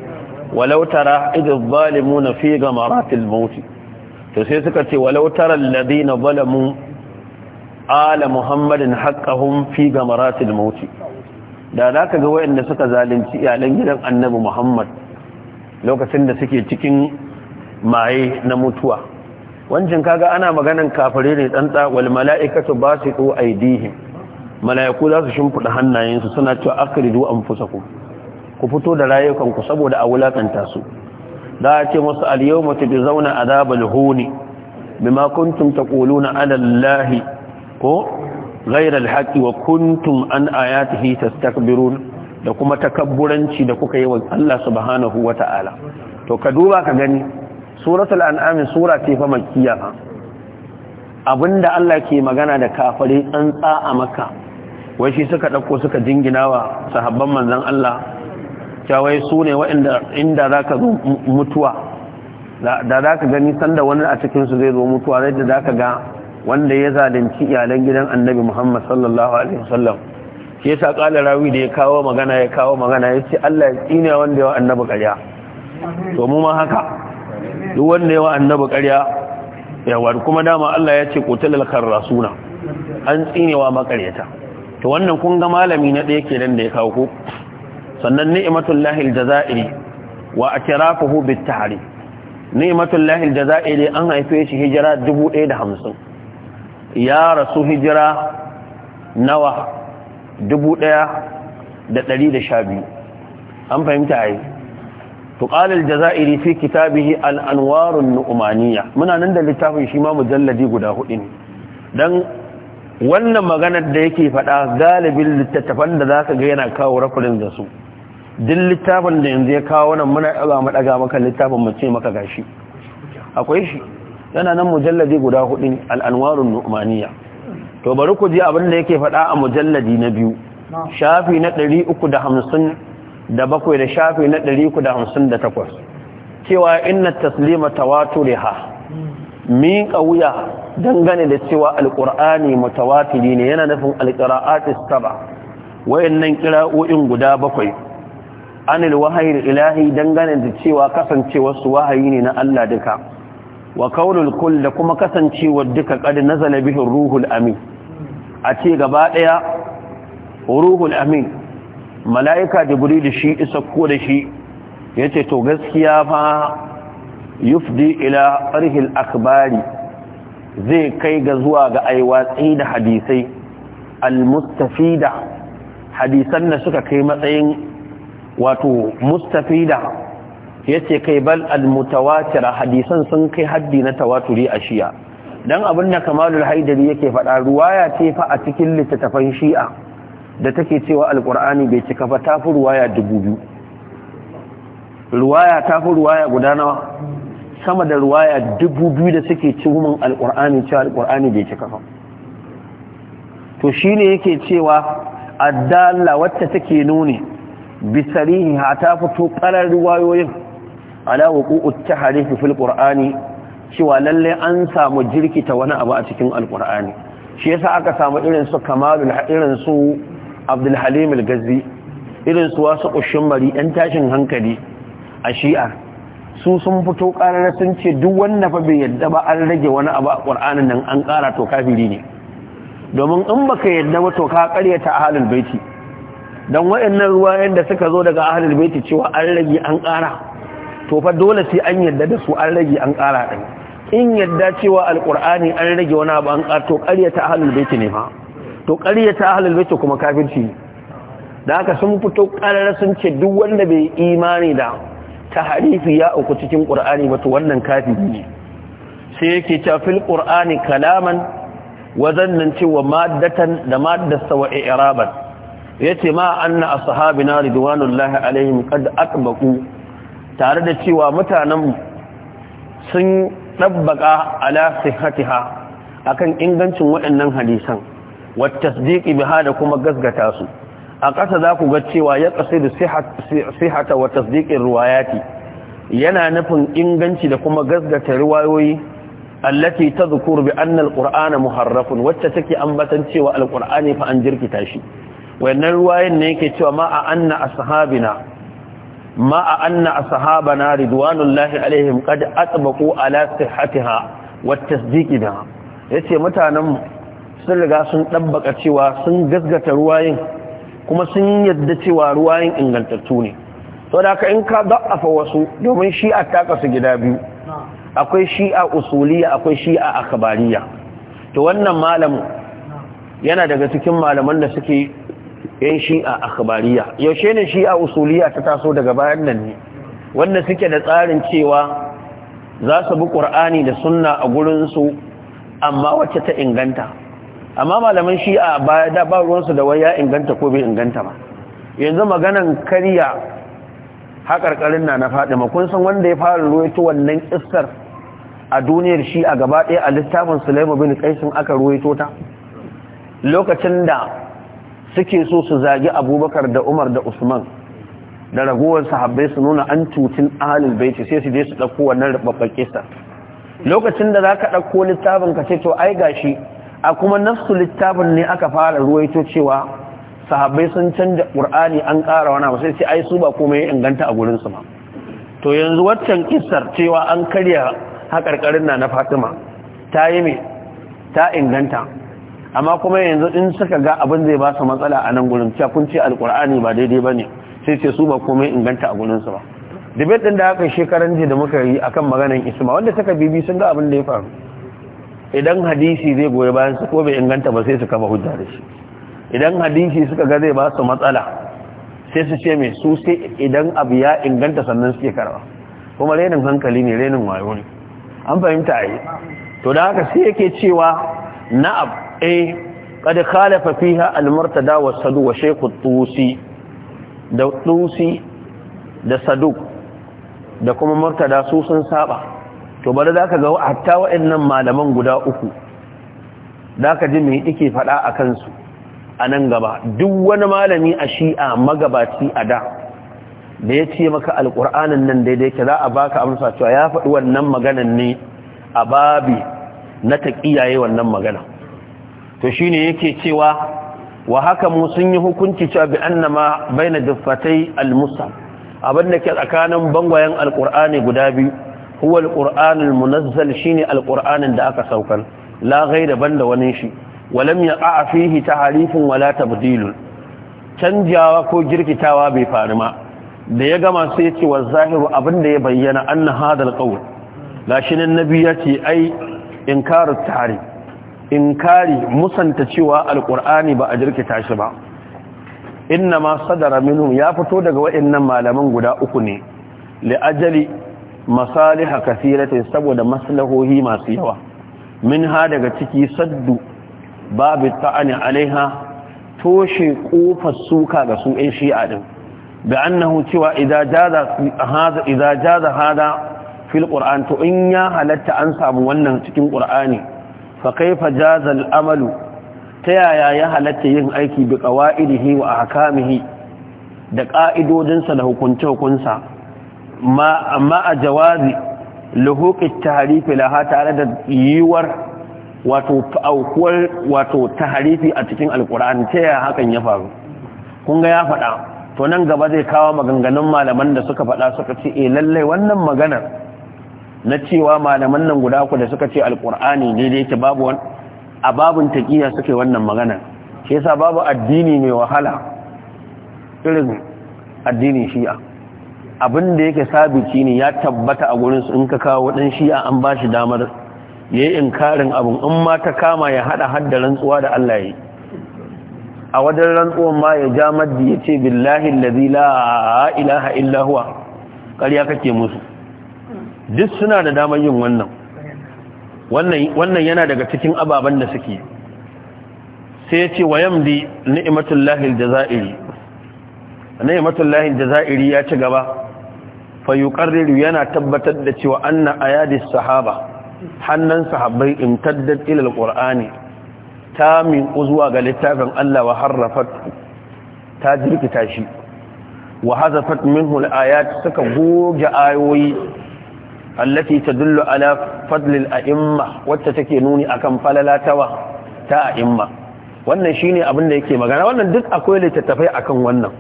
walau tara idh zalimuna fi gamaratil maut to sai suka ce walau taral ladina zalamu ala muhammadin haqqahum fi gamaratil mauti da zaka ga wayanda suka zalunci iyalan gidan annabi muhammad lokacin da suke cikin maye na mutuwa wancan kaga ana maganan kafare ne dan ta wal mala'ikatu basitu aydihim mala'iku za su shimfida hannayensu suna cewa akridu anfusakum ku fito da rayukanku saboda a wulakanta su da a ce musu al zauna a adabal huni bima kuntum taquluna na alallahi ko ghayra al-haqqi wa kuntum an ayatihi tastakbirun da kuma takabburanci da kuka yi wa Allah subhanahu ta'ala. to ka duba ka gani suratul an'am sura ce fa makkiya abinda Allah ke magana da kafare tsantsa a maka. wai shi suka dauko suka jinginawa sahabban manzon Allah cewa su ne waɗanda inda za ka zo mutuwa da za ka gani sanda wani a cikinsu zai zo mutuwa zai da za ka ga wanda ya zalunci iyalan gidan annabi muhammad sallallahu alaihi wasallam shi yasa kala rawi da ya kawo magana ya kawo magana ya ce allah ya tsine wanda yawa annabi ƙarya to mu ma haka duk wanda yawa annabi ƙarya yawa kuma dama allah ya ce kotalal karrasuna an tsinewa makaryata to wannan kun ga malami na ɗaya kenan da ya kawo ko sannan ni'matul lahil jazairi wa atirafuhu bit tahri ni'matul lahil jazairi an haife shi hijira 1050 ya rasu hijira nawa 1112 an fahimta ai to qala al jazairi fi kitabihi al anwar an nu'maniyya muna nan da littafin shi ma mujalladi guda hudu ne dan wannan maganar da yake faɗa galibin littattafan da za ka ga yana kawo rafirin da su duk littafin da yanzu ya kawo nan muna ɗaga ɗaga maka littafin mu ce maka gashi akwai shi yana nan mujalladi guda hudu al'anwarun nu'maniya to bari ku ji abin da yake faɗa a mujalladi na biyu shafi na ɗari uku da hamsin da bakwai da shafi na ɗari uku da hamsin da takwas cewa inna taslima ha miƙa wuya dangane da cewa alƙur'ani mutawatiri ne yana nufin alƙira'atis saba wayannan kira'o'in guda bakwai anil wahayin ilahi dangane da cewa su wahayi ne na Allah duka wa kaunul kul da kuma kasancewar duka kad nazala bihi ruhul amin a ce gaba daya ruhul amin mala'ika jibril shi isa ko da shi yace to gaskiya fa yufdi ila arhil akbari zai kai ga zuwa ga aiwatsi da hadisai al-mustafida hadisan da suka kai matsayin wato mustafida ce kai bal al-mutawatir hadisan sun kai haddi na tawaturi a shi'a don abin da kamalul haidari yake faɗa ruwaya ce fa a cikin littattafan shi'a da take cewa alqur'ani bai cika ba ta fi ruwaya dubu biyu ruwaya ta fi ruwaya guda nawa sama da ruwaya dubu biyu da suke cimin alqur'ani cewa alqur'ani bai cika ba to shi ne yake cewa addalla wacce take nuni bisarihi ta fito karar ruwayoyin ala wuqu'ut tahrifi fil qur'ani cewa lallai an samu jirkita wani abu a cikin alqur'ani shi yasa aka samu irin su kamalul irin su abdul halim al irin su wasu kushin mari ɗan tashin hankali a shi'a su sun fito karar sun ce duk wanda fa bai yadda ba an rage wani abu a qur'anin nan an ƙara to kafiri ne domin in baka yadda ba to ka karyata ahlul baiti don waɗannan ruwayen da suka zo daga ahalul baiti cewa an rage an ƙara to fa dole sai an yadda da su an rage an ƙara in yadda cewa alƙur'ani an rage wani abu an ƙara to ta ahalul baiti ne fa to ta ahalul baiti kuma kafirci ne da haka sun fito ƙarar sun ce duk wanda bai imani da ta harifi ya uku cikin ƙur'ani ba to wannan kafiri ne sai yake cewa fil ƙur'ani kalaman wazannan cewa maddatan da maddarsa wa i'raban yace ma anna ashabina ridwanullahi alaihim qad atbaqu tare da cewa mutanen sun dabbaka ala a akan ingancin waɗannan hadisan wata tasdiqi biha da kuma gasgata su a ƙasa za ku ga cewa ya da sihhata wa tasdiqin ruwayati yana nufin inganci da kuma gasgata riwayoyi allati tazukur bi annal alqur'ana muharrafun wacce take ambatan cewa alqur'ani fa an jirkita shi wannan ruwayen ne yake cewa ma a anna ashabina ma a anna ashabana ridwanullahi alaihim qad atbaqu ala sihhatiha wat tasdiq yace mutanen sun riga sun dabbaka cewa sun gasgata ruwayen kuma sun yadda cewa ruwayen ingantattu ne to da in ka da'afa wasu domin shi'a ta kasu gida biyu akwai shi'a usuliya akwai shi'a akhbariya to wannan malam yana daga cikin malaman da suke yan shi'a akhbariya yaushe ne shi'a usuliya ta taso daga bayan nan ne wanda suke da tsarin cewa za su bi qur'ani da sunna a gurin su amma wacce ta inganta amma malaman shi'a ba da ba ruwan su da wai ya inganta ko bai inganta ba yanzu maganan kariya karkarin na na ma. kun san wanda ya fara ruwaito wannan iskar a duniyar shi'a gaba ɗaya a littafin Sulaiman bin Qaisin aka ruwaito ta lokacin da suke so su zagi abubakar da umar da usman da ragowar sahabbai su nuna an cutin ahalin baiti sai su je su ɗauko wannan rubabban kisa lokacin da za ka ɗauko littafin ka ce to ai gashi a kuma nafsu littafin ne aka fara ruwaito cewa sahabbai sun canja ƙur'ani an ƙara wani abu sai sai ai su ba komai inganta a gurin su ma to yanzu waccan kissar cewa an karya haƙarƙarin na na fatima ta yi me ta inganta amma kuma yanzu in suka ga abin zai ba su matsala a nan gurin cewa kun ce alkur'ani ba daidai ba ne sai ce su ba komai inganta a gurinsu ba debate din da aka shekaran jiya da muka yi akan maganar isma wanda suka bibi sun ga abin da ya faru idan hadisi zai goyi bayan su ko bai inganta ba sai su kafa hujja da shi idan hadisi suka ga zai ba su matsala sai su ce mai su sai idan abu ya inganta sannan suke karba kuma renin hankali ne renin wayo ne an fahimta a yi to da haka sai yake cewa abu. eh kada khalafa fiha al-murtada wa sadu wa shaykh tusi da tusi da sadu da kuma murtada su sun saba to bari zaka ga hatta waɗannan malaman guda uku zaka ji me yake fada akan su a nan gaba duk wani malami a shi'a magabaci a da da ya ce maka alƙur'anin nan daidai ke za a baka amsa cewa ya faɗi wannan maganan ne a babi na taƙiyaye wannan magana to shine yake cewa wa haka mu sun yi hukunci cewa bi annama baina duffatai almusa mushaf abinda ke tsakanin bangwayen alqur'ani guda biyu huwa alqur'an al-munazzal shine alqur'anin da aka saukar la ghayra banda wani shi walam yaqa fihi tahrifun wala tabdilun canjawa ko girkitawa bai faru ma da ya gama sai ya ce wa zahiru abinda ya bayyana anna hadal qawl gashi nan nabi ya ce ai inkaru tahrif inkari musanta cewa alkur'ani ba a jirkita shi ba inna ma sadara minhu ya fito daga waɗannan malaman guda uku ne li ajali masaliha kasirata saboda maslahohi masu yawa minha daga ciki saddu babu ta'ani alaiha toshe kofar suka ga su ɗin shi'a din bi annahu cewa idan jaza hada idza jaza hada fil qur'an to in ya halatta an samu wannan cikin qur'ani fa kaifa jaza amalu ta yaya ya halatta yin aiki bi qawaidihi wa ahkamihi da ƙa'idodinsa da hukunce-hukunsa amma a jawazi luhuƙi taharifi laha tare da yiwuwar wato aukuwar wato taharifi a cikin alkur'ani ta yaya hakan ya faru kunga ya faɗa to nan gaba zai kawo maganganun malaman da suka faɗa suka ce e lallai wannan maganar na cewa malaman nan guda ku da suka ce alkur'ani daidai ke babu wani a babin taƙiya suke wannan magana shi yasa babu addini mai wahala irin addinin shi'a abin da yake sabiki ne ya tabbata a gurin su in ka kawo dan shi'a an bashi damar ya yi inkarin abun. in ma ta kama ya haɗa hadda rantsuwa da Allah yi a wajen rantsuwan ma ya ja maddi ya ce billahi allazi la ilaha illahuwa ƙarya kake musu duk suna da damar yin wannan wannan yana daga cikin ababen da suke sai ya ce wa yamdi Jazairi ya ci gaba fa yana tabbatar da cewa anna ayadis sahaba hannan sahabbai imtaddat ila alqur'ani ta min zuwa ga littafin Allah wa harrafat ta jirkita shi wa hazafat minhu alayat suka goge ayoyi allati tadullu ala fadlil a'imma wacce take nuni akan falalatawa ta a'imma wannan shine abin da yake magana wannan duk akwai littattafai akan wannan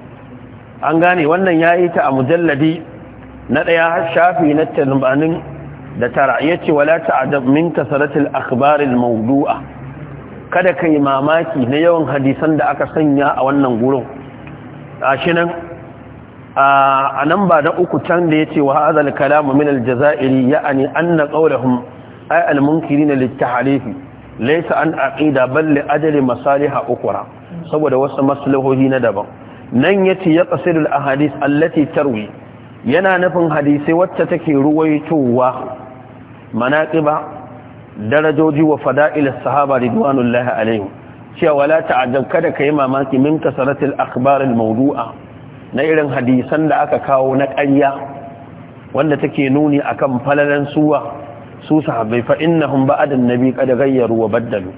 an gane wannan yayi ta a mujalladi na daya shafi na 80 da tara yace wala ta'adab min kasratil akhbar mawdu'a kada kai mamaki na yawan hadisan da aka sanya a wannan gurin gashi nan a nan ba na uku can da ya ce wa hazal kalamu min aljazairi ya'ani anna qawluhum ay na littahalifi laisa an aqida bal li ajali masaliha ukura saboda wasu maslahohi na daban nan yace ya a hadis allati tarwi yana nufin hadisai wacce take ruwaitowa manaƙiba darajoji wa fada'il sahaba ridwanullahi alaihi cewa la ta'ajjab kada ka yi mamaki min kasaratil akhbar almawdu'a na irin hadisan da aka kawo na ƙarya wanda take nuni akan falalan suwa su sahabbai fa innahum ba'da annabi kada gayyaru wa baddalu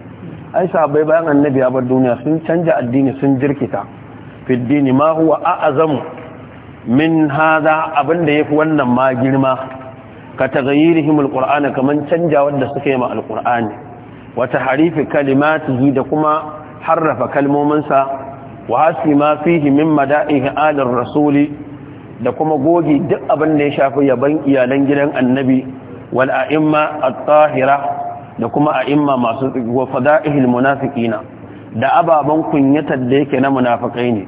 ai sahabbai bayan annabi ya bar duniya sun canja addini sun jirkita fi addini ma huwa a'zamu min hadha abinda yafi wannan ma girma ka taghayyirihim alqur'ana kaman canja wanda suka yi ma alqur'ani wa tahrifi kalimatihi da kuma harrafa kalmominsa wa hasi ma fihi min mada'ihi alir rasuli da kuma goge duk abin da ya shafi yaban iyalan gidan annabi wal'a'imma a'imma at-tahira da kuma a'imma masu wa fada'ihil munafiqina da ababen kunyatar da yake na munafikai ne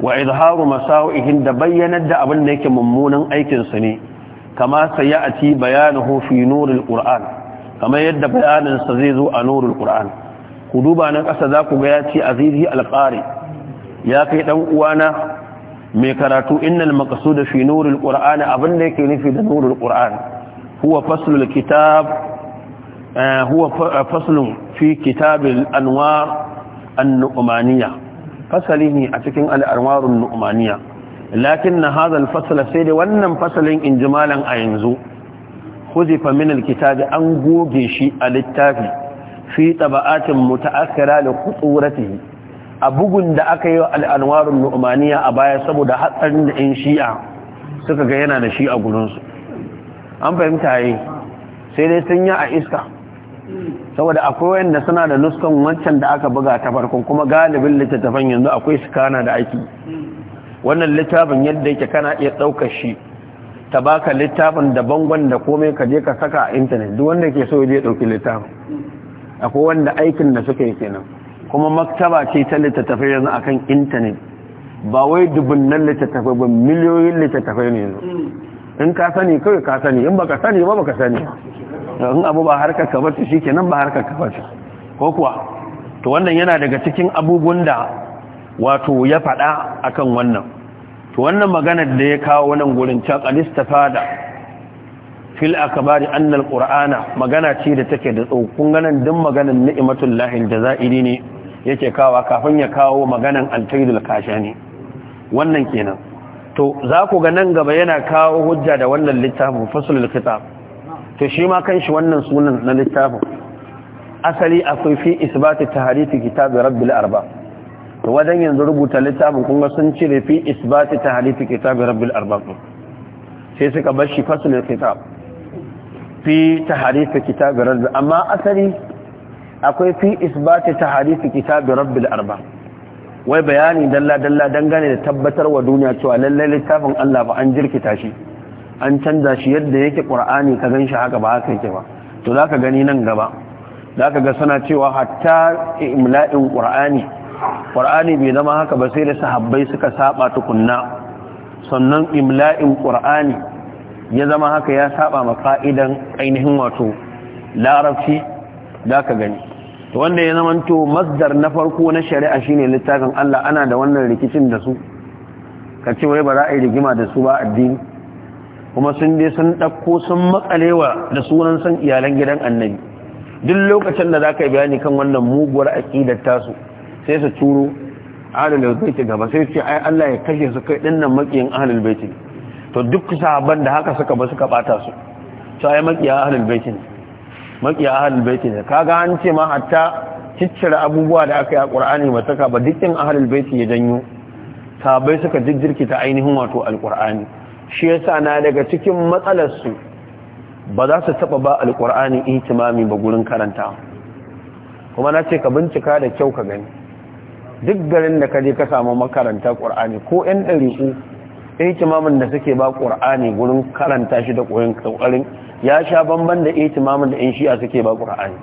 wa izharu masawihin da bayyanar da abin da yake mummunan aikinsu ne kama sayati bayanin hofi nuril ƙur'an. kama yadda bayanin sa zai zo a nuril ƙur'an. ku duba nan kasa za ku ga ya ce azizi alqari ya kai dan uwana mai karatu innal maqsud fi nuril qur'ani abinda yake nufi da nuril qur'ani huwa faslul kitab eh, huwa eh, faslun fi kitabin anwar an-nu'maniyya fasali ne a cikin al-anwarun lakin na hazan fasala sai da wannan fasalin injimalan a yanzu huzifa min al-kitabi an goge shi a littafi fi tabaatin mutaakhira da quturatihi a bugun da aka yi wa al'anwarun Nu'umaniya a baya saboda hatsarin da 'yan shi'a suka ga yana da shi a gurinsu an fahimta yi sai dai sun yi a iska saboda akwai wanda suna da nuskan wancan da aka buga ta farko, kuma galibin littattafan yanzu akwai su kana da aiki wannan littafin yadda yake kana iya ɗaukar shi ta baka littafin da bangon da komai ka je ka saka a intanet duk wanda ke so ya je ɗauki littafin akwai wanda aikin da suka yi kenan kuma maktaba ce ta littattafai yanzu akan intanet ba wai dubunnan littattafai ba miliyoyin littattafai ne yanzu hmm. in ka sani kawai ka sani in baka sani ba baka sani in abu ba harkar ka bace shikenan ba harkar ka bace ko kuwa to wannan yana daga cikin abubuwan da wato ya fada akan wannan to wannan maganar da ya kawo wannan gurin ta qalistafada fil akabari annal qur'ana magana ce da take da tsokun ganin din maganar ni'matul lahil jazairi ne yake kawa kafin ya kawo maganan alkaidul kashani wannan kenan to za ku ga nan gaba yana kawo hujja da wannan littafin fasulul kitab to shi ma kanshi wannan sunan na littafin asali akwai fi isbati tahrifi kitab rabbil arba to wajen yanzu rubuta littafin kun ga sun cire fi isbati tahrifi kitab rabbil arba sai suka bar shi fasulul kitab fi tahrifi kitab rabbil amma asali akwai fi isbati ta hadisi kitabi rabbil arba wai bayani dalla dalla dangane da tabbatar wa duniya cewa lallai littafin Allah ba an jirkita shi an canza shi yadda yake qur'ani ka ganshi haka ba haka yake ba to zaka gani nan gaba zaka ga sana cewa hatta imla'in qur'ani qur'ani bai zama haka ba sai da sahabbai suka saba tukunna sannan imla'in qur'ani ya zama haka ya saba ma ka'idan ainihin wato larabci za ka gani wanda ya zama to masdar na farko na shari'a shine littafin Allah ana da wannan rikicin da su ka ce wai ba za a yi rigima da su ba addini kuma sun dai sun ɗauko sun makalewa da sunan san iyalan gidan annabi duk lokacin da za ka yi bayani kan wannan muguwar aƙidar tasu sai su turo ahalul baiti gaba sai ce ai Allah ya kashe su kai dinnan makiyin ahalul baiti to duk sahabban da haka suka ba suka bata su to ai makiya ahalul baiti ne makiya ahlul baiti ne kaga an ce ma hatta ciccire abubuwa da aka yi a qur'ani ba saka ba dukkan ahlul baiti ya janyo sabai suka jijjirki ta ainihin wato alqur'ani shi yasa na daga cikin matsalar su ba za su taba ba alqur'ani ihtimami ba gurin karanta kuma na ce ka bincika da kyau ka gani duk garin da ka je ka samu makaranta qur'ani ko yan ɗari'u itimamin da suke ba qur'ani gurin karanta shi da koyon kokarin ya sha bamban da itimamin da in shi'a suke ba qur'ani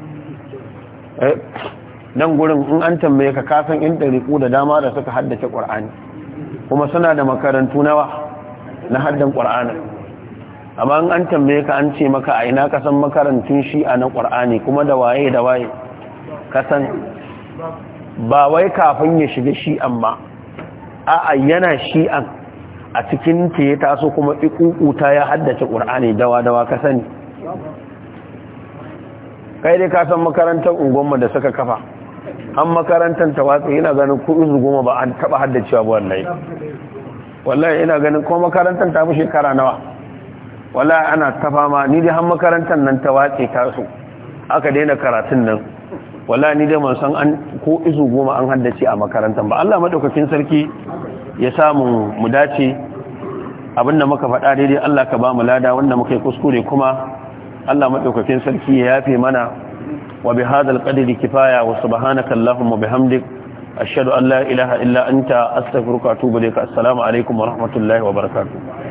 eh, nan gurin in an tambaye ka kasan in ɗariƙu da dama da suka haddace qur'ani kuma suna da makarantu nawa na haddan qur'ani amma in an tambaye ka an ce maka a ina ka san makarantun shi'a na qur'ani kuma da waye da waye ka san ba wai kafin ya shiga shi'an ba a'a yana shi'an a cikin ta ya taso kuma ta ya haddace ƙur'ani dawa-dawa ka sani kai dai ka san makarantar unguwanmu da suka kafa an makarantar ta watsa yana ganin ko izu goma ba an taɓa haddacewa ba wallahi wallahi ina ganin kuma makarantar ta fi shekara nawa wallahi ana ta fama ni dai han makarantar nan ta ta taso aka daina karatun nan wallahi ni dai san an ko izu goma an haddace a makarantar ba Allah maɗaukakin sarki ya samu mu dace abinda muka faɗa daidai Allah ka ba mu lada wanda muka yi kuskure kuma Allah madaukakin sarki ya yafe mana wa bi hadal qadri kifaya wa subhanaka allahumma bihamdik ashhadu an la ilaha illa anta astaghfiruka wa atubu assalamu alaikum wa rahmatullahi wa barakatuh